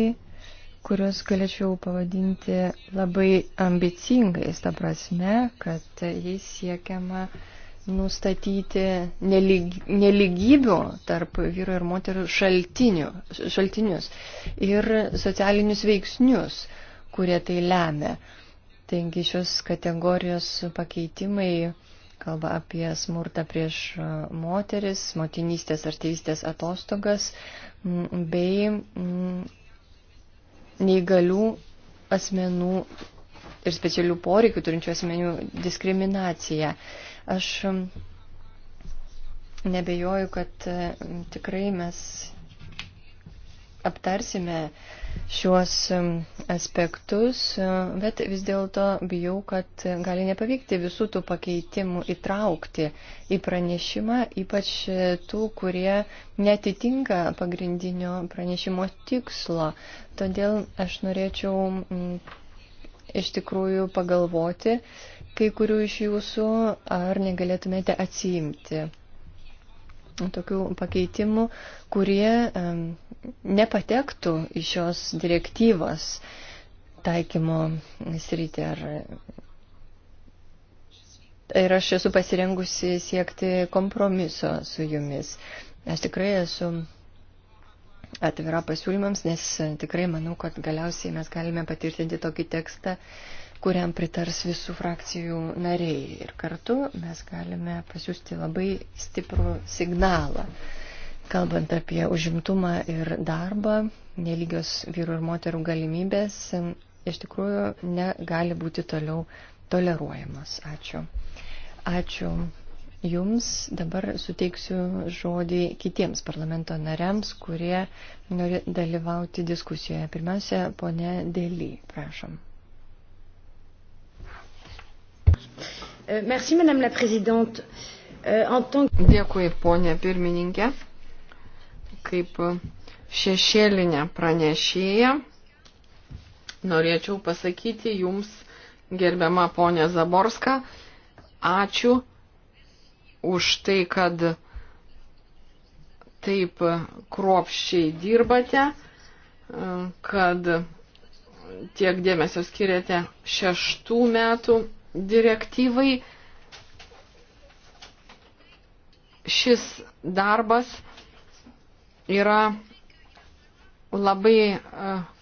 kuriuos galėčiau pavadinti labai ambicingais, ta prasme, kad jais siekiama uh, nustatyti nelyg, nelygybių tarp vyru ir moterų šaltinių, šaltinius ir socialinius veiksnius, kurie tai lemia. Taigi šios kategorijos pakeitimai kalba apie smurtą prieš moteris, motinystės ar tėvystės atostogas bei mm, neįgalių asmenų ir specialių poreikių turinčių asmenių diskriminaciją. Aš um, nebejoju, kad um, tikrai mes aptarsime šiuos um, aspektus, uh, bet vis dėlto bijau, kad gali nepavykti visų tų pakeitimų įtraukti į pranešimą, ypač uh, tų, kurie netitinka pagrindinio pranešimo tikslo. Todėl aš norėčiau mm, iš tikrųjų pagalvoti kai kurių iš jūsų, ar negalėtumėte atsiimti tokių pakeitimų, kurie nepatektų iš šios direktyvos taikymo sritį. Ar... Ir aš esu pasirengusi siekti kompromiso su jumis. Aš tikrai esu atvira pasiūlymams, nes tikrai manau, kad galiausiai mes galime patvirtinti tokį tekstą, kuriam pritars visų frakcijų nariai. Ir kartu mes galime pasiūsti labai stiprų signalą. Kalbant apie užimtumą ir darbą, nelygios vyrų ir moterų galimybės iš tikrųjų negali būti toliau toleruojamas. Ačiū. Ačiū Jums. Dabar suteiksiu žodį kitiems parlamento nariams, kurie nori dalyvauti diskusijoje. Pirmiausia, ponė Dėly, prašom. Euh, merci, Madame la Présidente. Euh, Dėkui, ponė pirmininkė. Kaip šešėlinė pranešėja, norėčiau pasakyti jums, gerbiama ponė Zaborska, ačiū už tai, kad taip kruopščiai dirbate, kad tiek dėmesio skiriate šeštų metų direktyvai šis darbas yra labai e,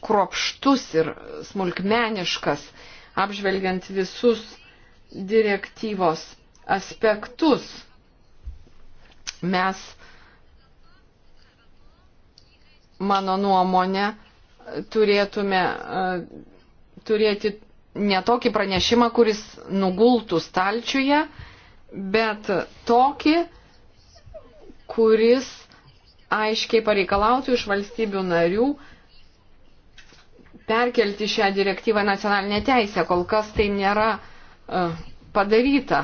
kropštus ir smulkmeniškas, apžvelgiant visus direktyvos aspektus. Mes, mano nuomonė, turėtume e, turėti netokį pranešimą, kuris nugultų stalčiuje, bet tokį, kuris aiškiai pareikalautų iš valstybių narių perkelti šią direktyvą nacionalinę teisę. Kol kas tai nėra e, padaryta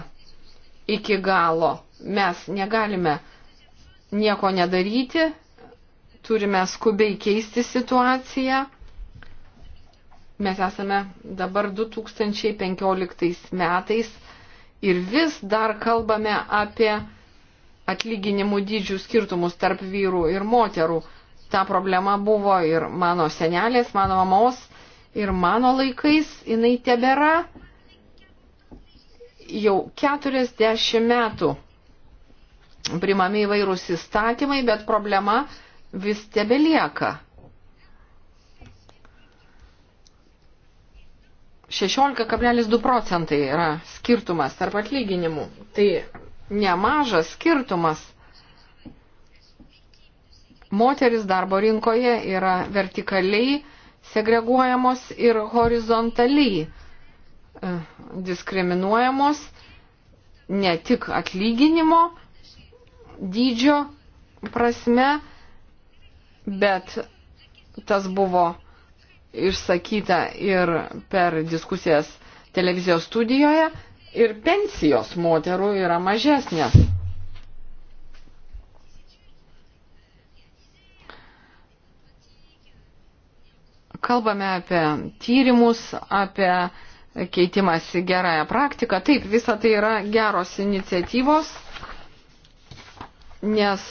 iki galo. Mes negalime nieko nedaryti, turime skubiai keisti situaciją Mes esame dabar 2015 metais ir vis dar kalbame apie atlyginimų dydžių skirtumus tarp vyrų ir moterų. Ta problema buvo ir mano senelės, mano mamos ir mano laikais, jinai tebėra jau 40 metų primami įvairūs įstatymai, bet problema vis tebelieka. 16,2 procentai yra skirtumas tarp atlyginimų. Tai nemažas skirtumas. Moteris darbo rinkoje yra vertikaliai segreguojamos ir horizontaliai e, diskriminuojamos ne tik atlyginimo dydžio prasme, bet tas buvo išsakyta ir per diskusijas televizijos studijoje, ir pensijos moterų yra mažesnės. Kalbame apie tyrimus, apie keitimąsi gerąją praktiką. Taip, visa tai yra geros iniciatyvos, nes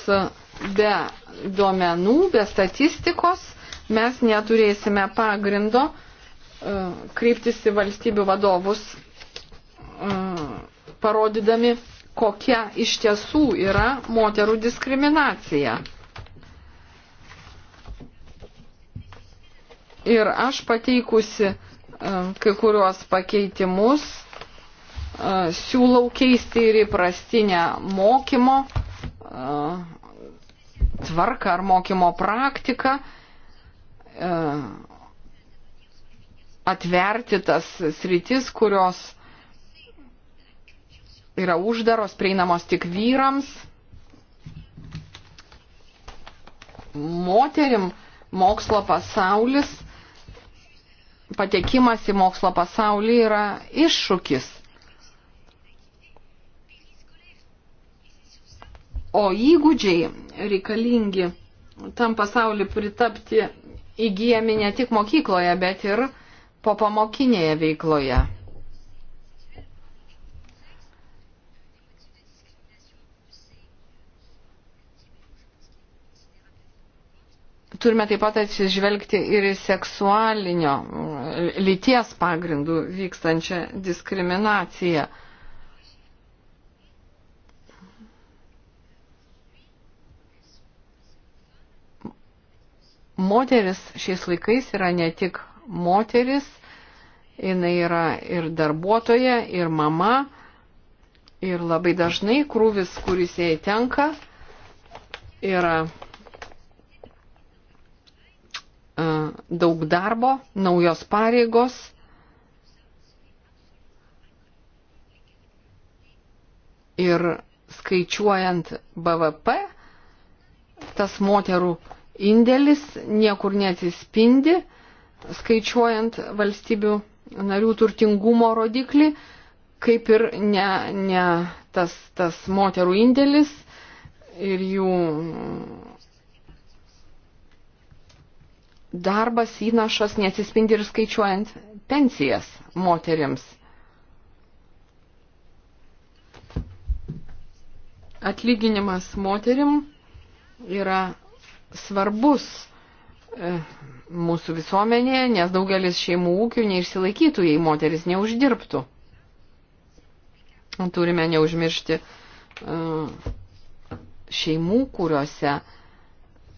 be duomenų, be statistikos, mes neturėsime pagrindo e, kryptis į valstybių vadovus, e, parodydami, kokia iš tiesų yra moterų diskriminacija. Ir aš pateikusi e, kai kuriuos pakeitimus, siūlau keisti ir įprastinę mokymo tvarką ar mokymo praktiką E, atverti tas sritis, kurios yra uždaros, prieinamos tik vyrams. Moterim mokslo pasaulis, patekimas į mokslo pasaulį yra iššūkis. O įgūdžiai reikalingi tam pasaulį pritapti įgyjami ne tik mokykloje, bet ir po pamokinėje veikloje. Turime taip pat atsižvelgti ir į seksualinio lyties pagrindų vykstančią diskriminaciją. moteris šiais laikais yra ne tik moteris, jinai yra ir darbuotoja, ir mama, ir labai dažnai krūvis, kuris jai tenka, yra e, daug darbo, naujos pareigos. Ir skaičiuojant BVP, tas moterų indėlis niekur neatsispindi, skaičiuojant valstybių narių turtingumo rodiklį, kaip ir ne, ne tas, tas moterų indėlis ir jų darbas įnašas neatsispindi ir skaičiuojant pensijas moteriams. Atlyginimas moterim yra svarbus e, mūsų visuomenėje, nes daugelis šeimų ūkių neišsilaikytų, jei moteris neuždirbtų. Turime neužmiršti e, šeimų, kuriuose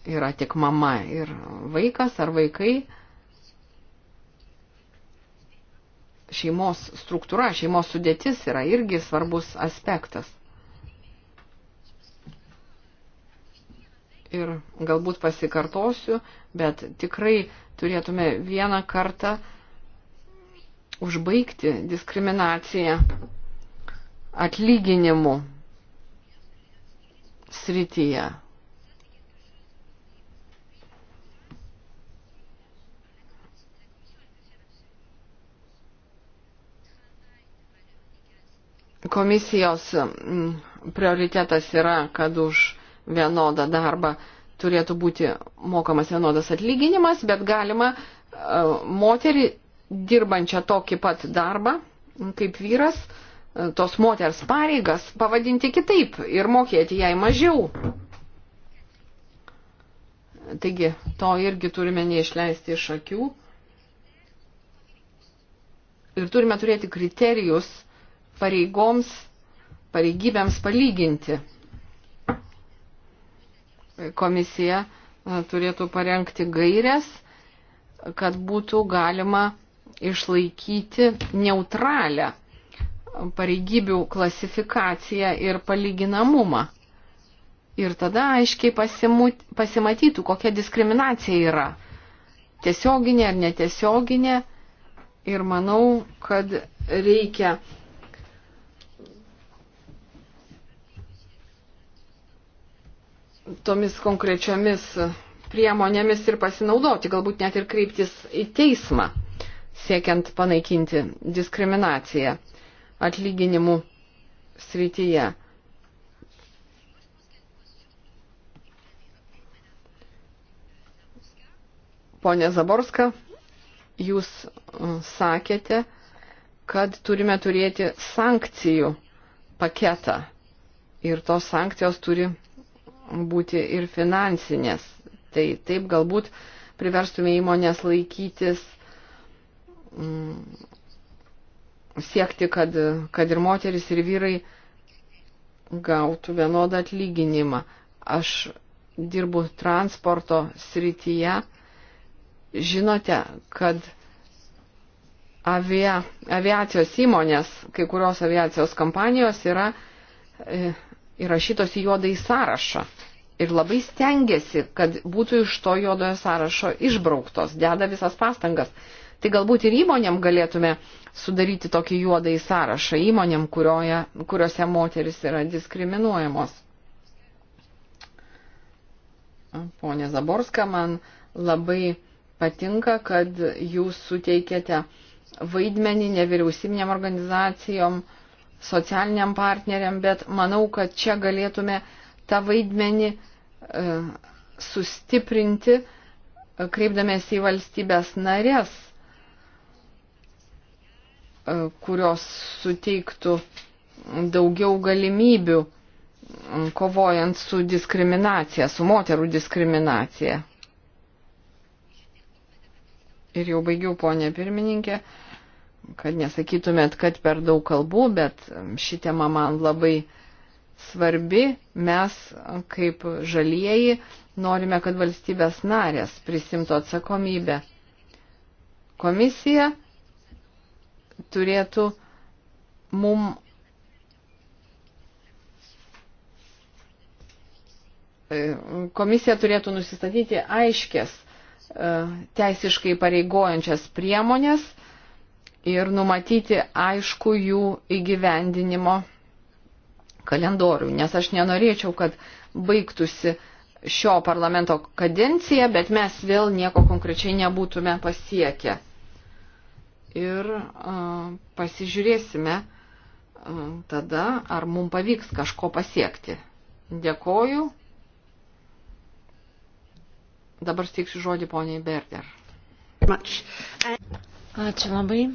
yra tik mama ir vaikas ar vaikai. Šeimos struktūra, šeimos sudėtis yra irgi svarbus aspektas. ir galbūt pasikartosiu, bet tikrai turėtume vieną kartą užbaigti diskriminaciją atlyginimu srityje. Komisijos mm, prioritetas yra, kad už vienodą darbą turėtų būti mokamas vienodas atlyginimas, bet galima e, moterį dirbančią tokį pat darbą kaip vyras, e, tos moters pareigas pavadinti kitaip ir mokėti jai mažiau. Taigi, to irgi turime neišleisti iš akių. Ir turime turėti kriterijus pareigoms, pareigybėms palyginti komisija e, turėtų parengti gairias, kad būtų galima išlaikyti neutralią pareigybių klasifikaciją ir palyginamumą. Ir tada aiškiai pasimut, pasimatytų, kokia diskriminacija yra. Tiesioginė ar netiesioginė. Ir manau, kad reikia tomis konkrečiomis priemonėmis ir pasinaudoti, galbūt net ir kreiptis į teismą, siekiant panaikinti diskriminaciją atlyginimų srityje. Pone Zaborska, jūs uh, sakėte, kad turime turėti sankcijų paketą ir tos sankcijos turi būti ir finansinės. Tai taip galbūt priverstume įmonės laikytis, mm, siekti, kad, kad ir moteris, ir vyrai gautų vienodą atlyginimą. Aš dirbu transporto srityje. Žinote, kad avia, aviacijos įmonės, kai kurios aviacijos kompanijos yra e, įrašytos į juodąjį sąrašą. Ir labai stengiasi, kad būtų iš to juodojo sąrašo išbrauktos, deda visas pastangas. Tai galbūt ir įmonėm galėtume sudaryti tokį juodąjį sąrašą, įmonėm, kurioje, kuriuose moteris yra diskriminuojamos. Pone Zaborska, man labai patinka, kad jūs suteikėte vaidmenį nevyriausybinėm organizacijom, uh, socialiniam partneriam, bet manau, kad čia galėtume tą vaidmenį e, sustiprinti, e, kreipdamėsi į valstybės narės, e, kurios suteiktų daugiau galimybių kovojant su diskriminacija, su moterų diskriminacija. Ir jau baigiau, ponė pirmininkė kad nesakytumėt, kad per daug kalbų, bet ši tema man labai svarbi. Mes, kaip žalieji, norime, kad valstybės narės prisimtų atsakomybę. Komisija turėtų mum komisija turėtų nusistatyti aiškės e, teisiškai pareigojančias priemonės, ir numatyti aišku jų įgyvendinimo kalendorių, nes aš nenorėčiau, kad baigtųsi šio parlamento kadencija, bet mes vėl nieko konkrečiai nebūtume pasiekę. Ir uh, pasižiūrėsime uh, tada, ar mums pavyks kažko pasiekti. Dėkoju. Dabar steiksiu žodį poniai Berder. Much. And... Ačiū labai.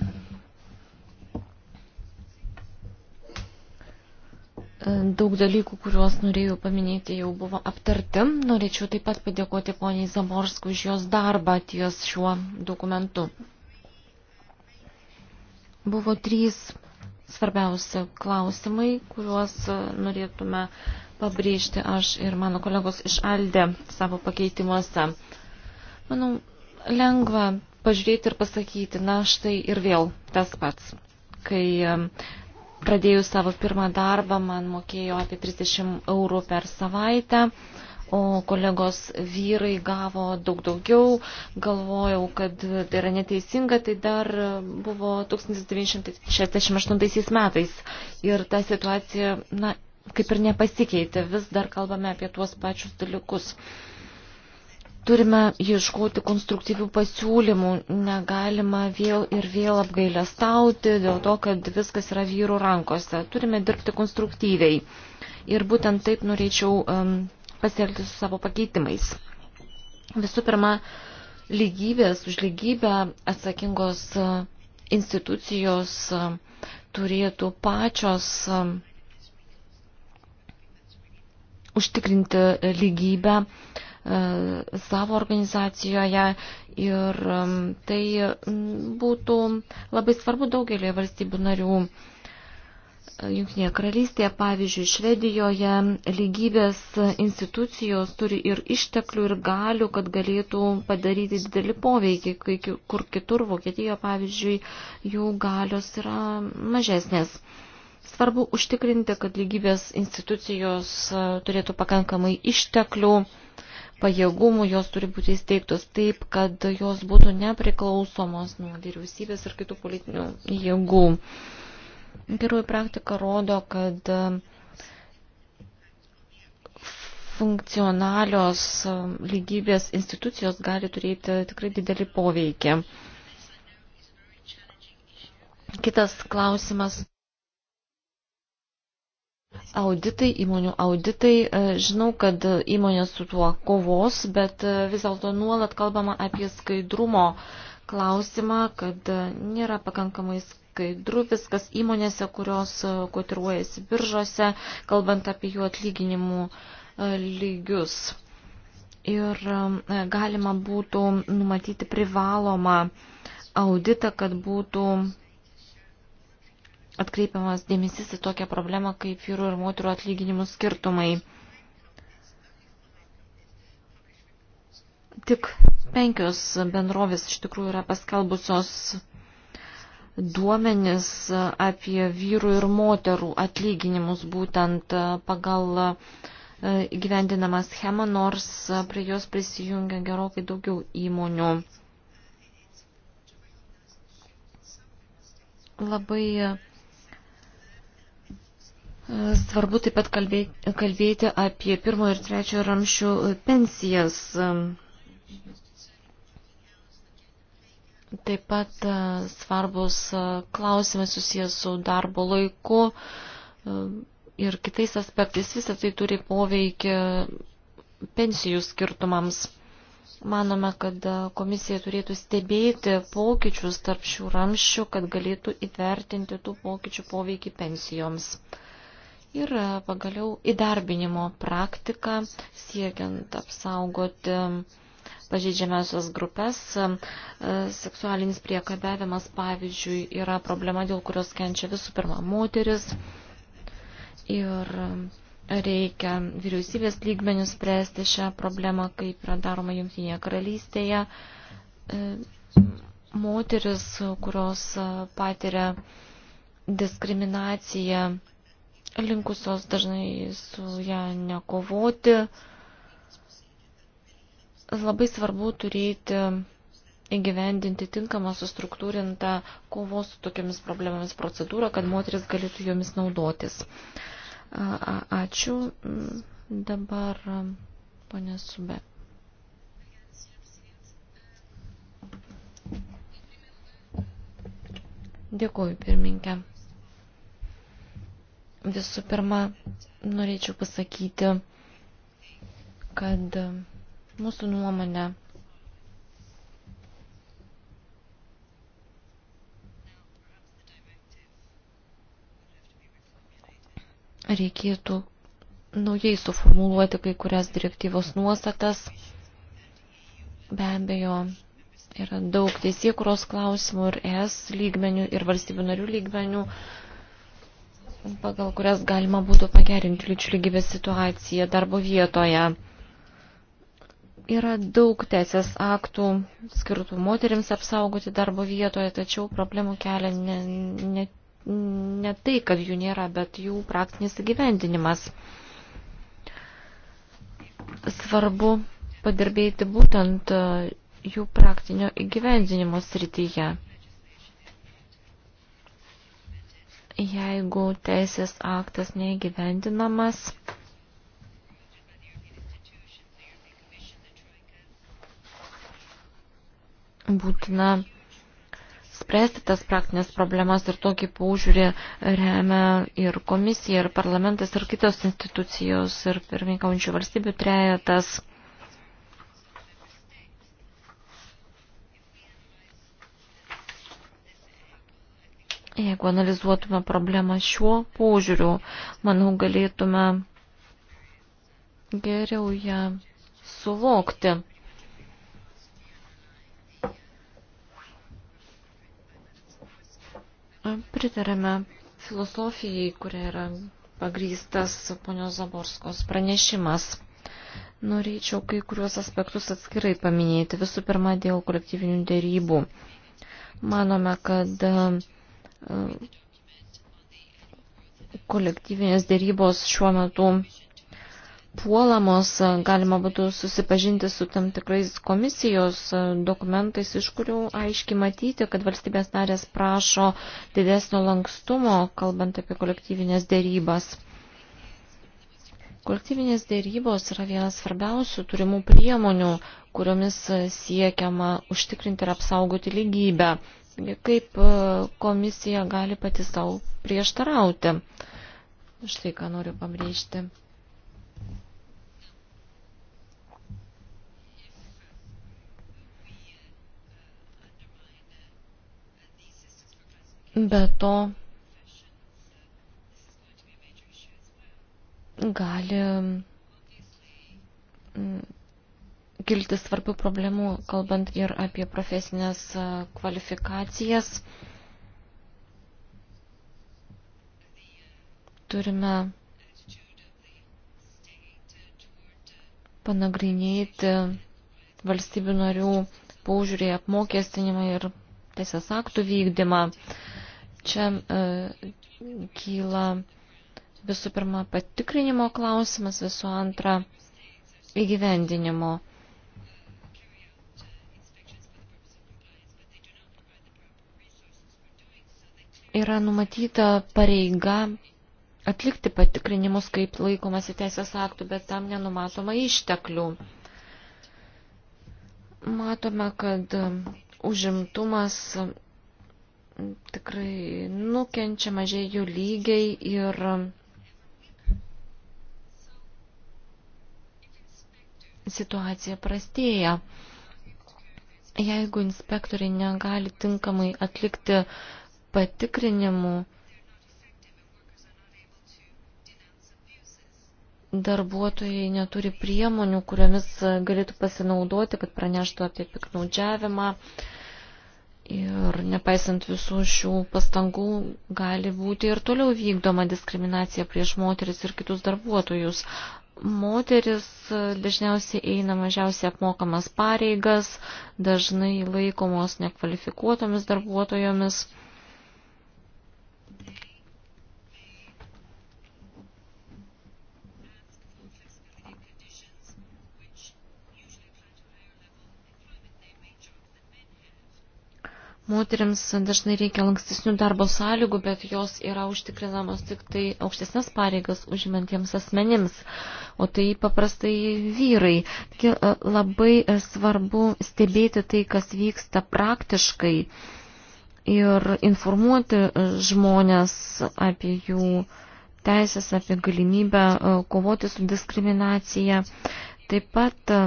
Daug dalykų, kuriuos norėjau paminėti, jau buvo aptarti. Norėčiau taip pat padėkoti poniai Zaborskui už jos darbą ties šiuo dokumentu. Buvo trys svarbiausi klausimai, kuriuos norėtume pabrėžti aš ir mano kolegos iš Aldė savo pakeitimuose. Manau, lengva pažiūrėti ir pasakyti, na štai ir vėl tas pats. Kai pradėjus savo pirmą darbą, man mokėjo apie 30 eurų per savaitę, o kolegos vyrai gavo daug daugiau, galvojau, kad tai yra neteisinga, tai dar buvo 1968 metais ir ta situacija, na, kaip ir nepasikeitė, vis dar kalbame apie tuos pačius dalykus. Uh, Turime ieškoti konstruktyvių pasiūlymų, negalima vėl ir vėl apgailestauti dėl to, kad viskas yra vyrų rankose. Turime dirbti konstruktyviai. Ir būtent taip norėčiau um, pasielgti su savo pakeitimais. Visų pirma, lygybės už lygybę atsakingos e, institucijos e, turėtų pačios e, užtikrinti lygybę uh, E, savo organizacijoje ir e, tai būtų labai svarbu daugelį valstybių narių. Junktinėje karalystėje, pavyzdžiui, Švedijoje lygybės institucijos turi ir išteklių, ir galių, kad galėtų padaryti didelį poveikį, kai kur kitur, Vokietijoje, pavyzdžiui, jų galios yra mažesnės. Svarbu užtikrinti, kad lygybės institucijos e, turėtų pakankamai išteklių, pajėgumų, jos turi būti įsteigtos taip, kad jos būtų nepriklausomos nuo vyriausybės ir kitų politinių jėgų. Geroji praktika rodo, kad uh, funkcionalios um, lygybės institucijos gali turėti tikrai didelį poveikį. Kitas klausimas Auditai, įmonių auditai, e, žinau, kad e, įmonės su tuo kovos, bet e, vis dėlto nuolat kalbama apie skaidrumo klausimą, kad nėra pakankamai skaidru viskas įmonėse, kurios kotiruojasi biržose, kalbant apie jų atlyginimų lygius. Ir galima būtų numatyti privalomą auditą, kad būtų atkreipiamas dėmesys į tokią problemą kaip vyrų ir moterų atlyginimų skirtumai. Tik penkios bendrovės iš tikrųjų yra paskelbusios duomenis apie vyrų ir moterų atlyginimus būtent pagal e, gyvendinamą schemą, nors prie jos prisijungia gerokai daugiau įmonių. Labai Svarbu taip pat kalbėti, kalbėti apie pirmo ir trečio ramšių pensijas. Taip pat e, svarbus e, klausimai susijęs su darbo laiku e, ir kitais aspektais. Visą tai turi poveikį pensijų skirtumams. Manome, kad komisija turėtų stebėti pokyčius tarp šių ramščių, kad galėtų įvertinti tų pokyčių poveikį pensijoms ir e, pagaliau įdarbinimo praktiką siekiant apsaugoti pažeidžiamiausias grupės. E, seksualinis priekabiavimas, pavyzdžiui, yra problema, dėl kurios kenčia visų pirma moteris. Ir e, reikia vyriausybės lygmenių spręsti šią problemą, kaip yra daroma Junktinėje karalystėje. Moteris, kurios patiria diskriminaciją linkusios dažnai su ją nekovoti. Labai svarbu turėti įgyvendinti tinkamą sustruktūrintą kovos su tokiamis problemomis procedūrą, kad moteris galėtų jomis naudotis. A, ačiū. Mm, dabar ponė Sube. Dėkuoju, pirminkė. Visų pirma, norėčiau pasakyti, kad mūsų nuomonė reikėtų naujai suformuluoti kai kurias direktyvos nuostatas. Be abejo, yra daug teisėkuros klausimų ir ES lygmenių, ir valstybių narių lygmenių, pagal kurias galima būtų pagerinti lyčių lygybės situaciją darbo vietoje. Yra daug teisės aktų skirtų moteriams apsaugoti darbo vietoje, tačiau problemų kelia ne, ne, ne tai, kad jų nėra, bet jų praktinis įgyvendinimas. Svarbu padirbėti būtent jų praktinio įgyvendinimo srityje. jeigu teisės aktas neįgyvendinamas. Būtina spręsti tas praktinės problemas ir tokį paužiūrį remia ir komisija, ir parlamentas, ir kitos institucijos, ir pirmininkaujančių valstybių trejetas. Jeigu analizuotume problemą šiuo požiūriu, manau, galėtume geriau ją suvokti. Pritarėme filosofijai, kuria yra pagrystas ponios Zaborskos pranešimas. Norėčiau kai kuriuos aspektus atskirai paminėti. Visų pirma, dėl kolektyvinių dėrybų. Manome, kad kolektyvinės dėrybos šiuo metu puolamos, galima būtų susipažinti su tam tikrais komisijos dokumentais, iš kurių aiškiai matyti, kad valstybės narės prašo didesnio lankstumo, kalbant apie kolektyvinės dėrybas. Kolektyvinės dėrybos yra vienas svarbiausių turimų priemonių, kuriomis siekiama užtikrinti ir apsaugoti lygybę. Kaip e, komisija gali pati savo prieštarauti? Štai ką noriu pabrėžti. Be to, gali mm, kilti svarbių problemų, kalbant ir apie profesinės e, kvalifikacijas. Turime panagrinėti valstybių narių paužiūrį apmokestinimą ir teisės aktų vykdymą. Čia e, kyla visų pirma patikrinimo klausimas, visų antra įgyvendinimo klausimas yra numatyta pareiga atlikti patikrinimus, kaip laikomasi teisės aktų, bet tam nenumatoma išteklių. Matome, kad užimtumas tikrai nukenčia mažiai jų lygiai ir situacija prastėja. Jeigu inspektoriai negali tinkamai atlikti uh, patikrinimų darbuotojai neturi priemonių, kuriomis galėtų pasinaudoti, kad praneštų apie piknaudžiavimą. Ir nepaisant visų šių pastangų, gali būti ir toliau vykdoma diskriminacija prieš moteris ir kitus darbuotojus. Moteris dažniausiai eina mažiausiai apmokamas pareigas, dažnai laikomos nekvalifikuotomis darbuotojomis. Moteriams dažnai reikia lankstesnių darbo sąlygų, bet jos yra užtikrinamos tik tai aukštesnės pareigas užimantiems asmenims, o tai paprastai vyrai. Taigi e, labai e, svarbu stebėti tai, kas vyksta praktiškai ir informuoti e, žmonės apie jų teisės, apie galimybę kovoti su diskriminacija. Taip pat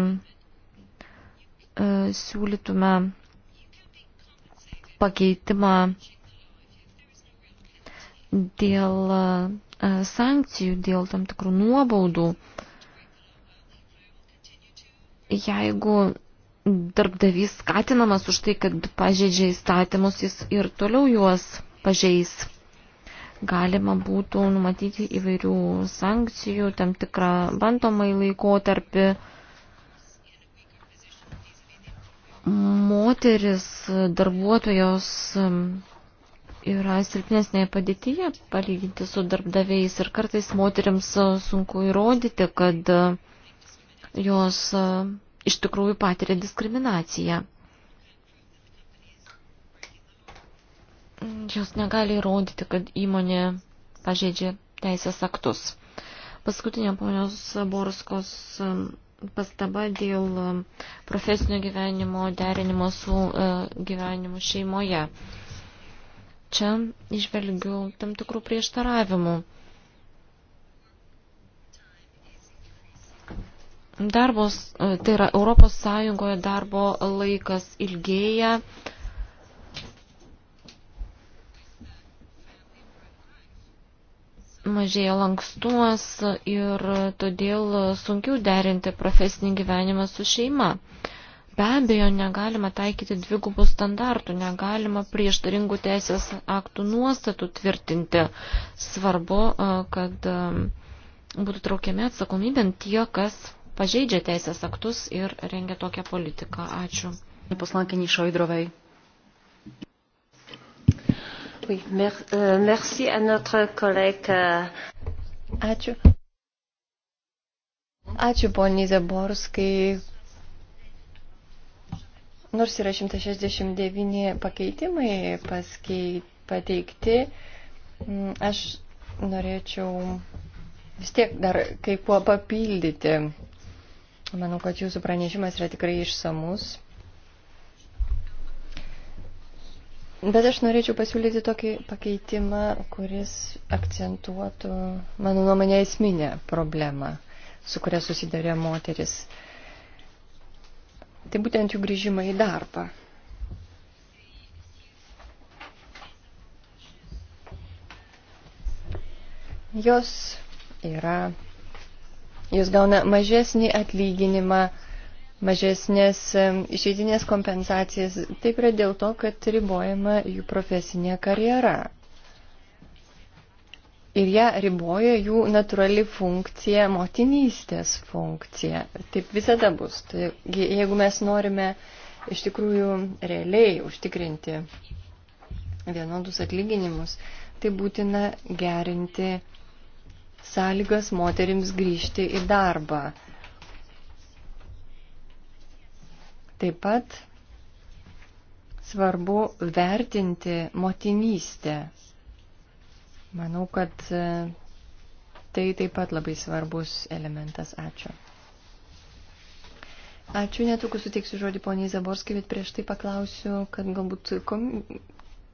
siūlytume pakeitimą dėl e, sankcijų, dėl tam tikrų nuobaudų. Jeigu darbdavys skatinamas už tai, kad pažeidžia įstatymus, jis ir toliau juos pažeis. Galima būtų numatyti įvairių sankcijų, tam tikrą bandomai laikotarpį. tarpį moteris darbuotojos yra silpnesnėje padėtyje palyginti su darbdaviais ir kartais moteriams e, sunku įrodyti, kad e, jos e, iš tikrųjų patiria diskriminaciją. Jos negali įrodyti, kad įmonė pažeidžia teisės aktus. Paskutinė ponios Borskos pastaba dėl um, profesinio gyvenimo derinimo su uh, gyvenimu šeimoje. Čia išvelgiu tam tikrų prieštaravimų. Darbos, uh, tai yra Europos Sąjungoje darbo laikas ilgėja, mažėja lankstumas ir todėl sunkiau derinti profesinį gyvenimą su šeima. Be abejo, negalima taikyti dvigubų standartų, negalima prieštaringų teisės aktų nuostatų tvirtinti. Svarbu, kad būtų traukiami atsakomybėn tie, kas pažeidžia teisės aktus ir rengia tokią politiką. Ačiū. Poslankė Nišoidrovai. Oui, mer, euh, merci à notre collègue. Euh... Ačiū. Ačiū poniai Zaborskai. Nors yra 169 pakeitimai paskei, pateikti, aš norėčiau vis tiek dar kai kuo papildyti. Manau, kad jūsų pranešimas yra tikrai išsamus. Bet aš norėčiau pasiūlyti tokį pakeitimą, kuris akcentuotų, mano nuomonė, esminę problemą, su kuria susidarė moteris. Tai būtent jų grįžimą į darbą. Jos yra, jos gauna mažesnį atlyginimą mažesnės išeidinės kompensacijas. Taip yra dėl to, kad ribojama jų profesinė karjera. Ir ją riboja jų natūrali funkcija, motinystės funkcija. Taip visada bus. Taigi, jeigu mes norime iš tikrųjų realiai užtikrinti vienodus atlyginimus, tai būtina gerinti sąlygas moterims grįžti į darbą. Taip pat svarbu vertinti motinystę. Manau, kad e, tai taip pat labai svarbus elementas. Ačiū. Ačiū, netrukus suteiksiu žodį poniai Zaborskai, bet prieš tai paklausiu, kad galbūt kom...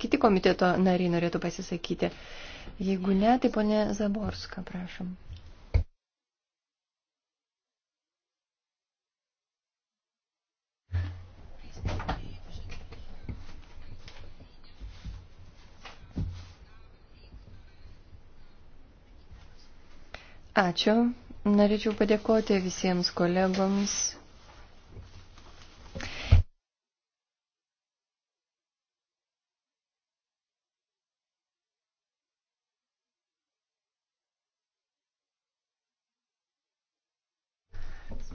kiti komiteto nariai norėtų pasisakyti. Jeigu ne, tai ponė Zaborska, prašom. Ačiū. Norėčiau padėkoti visiems kolegoms.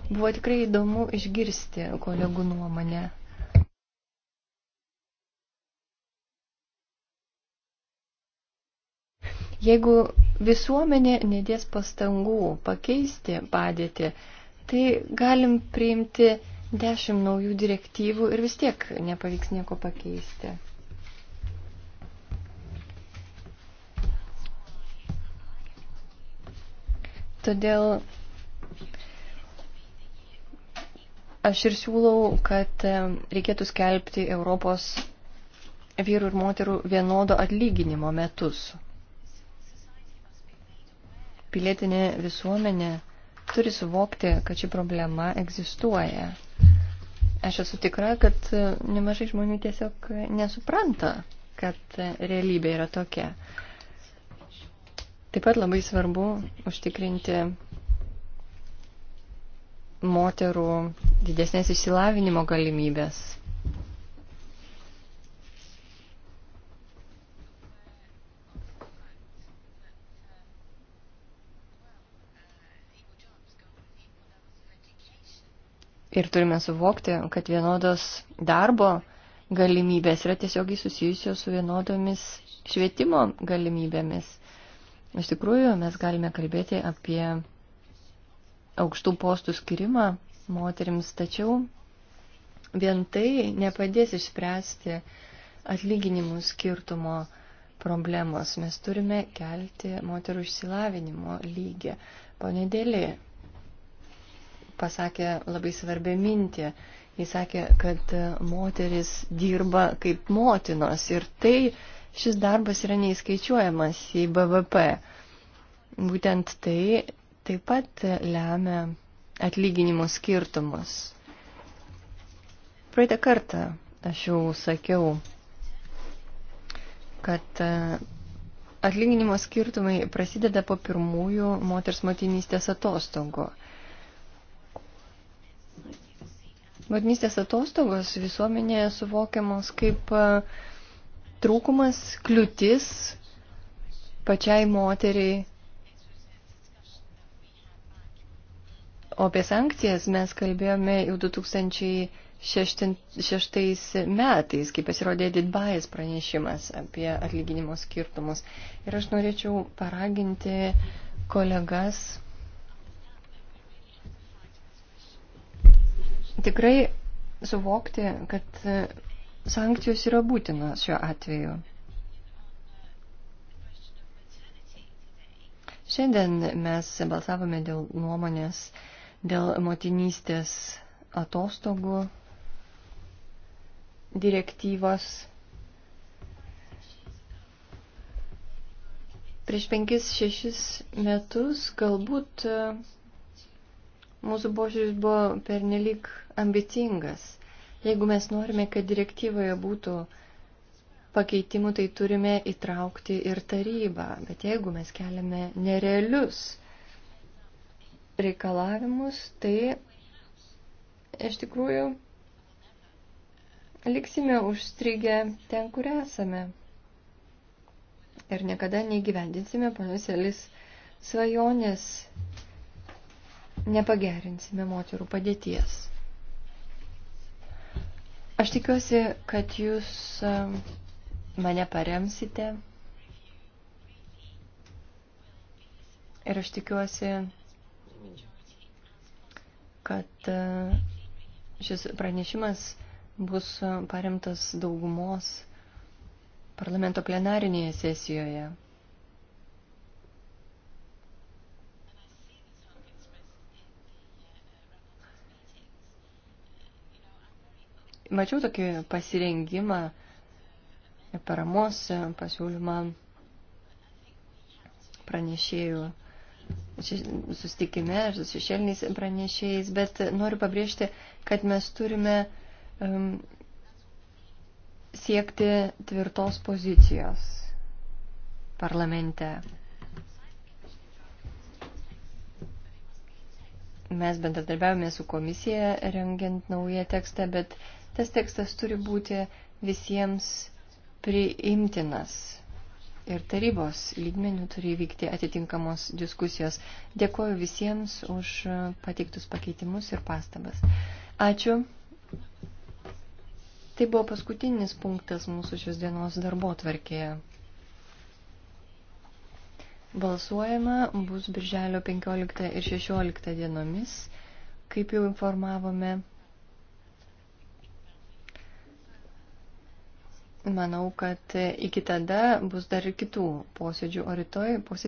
Buvo tikrai įdomu išgirsti kolegų nuomonę. Jeigu visuomenė nedės pastangų pakeisti padėtį, tai galim priimti dešimt naujų direktyvų ir vis tiek nepavyks nieko pakeisti. Todėl aš ir siūlau, kad reikėtų skelbti Europos vyrų ir moterų vienodo atlyginimo metus pilietinė visuomenė turi suvokti, kad ši problema egzistuoja. Aš esu tikra, kad nemažai žmonių tiesiog nesupranta, kad realybė yra tokia. Taip pat labai svarbu užtikrinti moterų didesnės išsilavinimo galimybės. Ir turime suvokti, kad vienodos darbo galimybės yra tiesiogiai susijusios su vienodomis švietimo galimybėmis. Iš tikrųjų, mes galime kalbėti apie aukštų postų skirimą moterims, tačiau vien tai nepadės išspręsti atlyginimų skirtumo problemos. Mes turime kelti moterų išsilavinimo lygį. Ponedėlį pasakė labai svarbę mintį. Jis sakė, kad moteris dirba kaip motinos ir tai šis darbas yra neįskaičiuojamas į BVP. Būtent tai taip pat lemia atlyginimų skirtumus. Praeitą kartą aš jau sakiau, kad e, atlyginimo skirtumai prasideda po pirmųjų moters motinystės atostogų. Vadinystės atostogos visuomenėje suvokiamos kaip e, trūkumas, kliūtis pačiai moteriai. O apie sankcijas mes kalbėjome jau 2006 metais, kai pasirodė Didbajas pranešimas apie atlyginimo skirtumus. Ir aš norėčiau paraginti kolegas tikrai suvokti, kad e, sankcijos yra būtinos šiuo atveju. Šiandien mes balsavome dėl nuomonės, dėl motinystės atostogų direktyvos. Prieš penkis, šešis metus galbūt mūsų požiūris buvo pernelik ambicingas. Jeigu mes norime, kad direktyvoje būtų pakeitimų, tai turime įtraukti ir tarybą. Bet jeigu mes keliame nerealius reikalavimus, tai iš tikrųjų liksime užstrigę ten, kur esame. Ir niekada neįgyvendinsime ponios Elis svajonės nepagerinsime moterų padėties. Aš tikiuosi, kad jūs e, mane paremsite. Ir aš tikiuosi, kad e, šis pranešimas bus paremtas daugumos parlamento plenarinėje sesijoje. mačiau tokį pasirengimą paramos pasiūlymą pranešėjų sustikime su šešėliniais pranešėjais, bet noriu pabrėžti, kad mes turime um, siekti tvirtos pozicijos parlamente. Mes bendradarbiavome su komisija rengiant naują tekstą, bet tas tekstas turi būti visiems priimtinas. Ir tarybos lygmenių turi vykti atitinkamos diskusijos. Dėkuoju visiems už pateiktus pakeitimus ir pastabas. Ačiū. Tai buvo paskutinis punktas mūsų šios dienos darbo tvarkėje. Balsuojama bus birželio 15 ir 16 dienomis, kaip jau informavome Manau, kad e, iki tada bus dar ir kitų posėdžių, o rytoj posėdžių.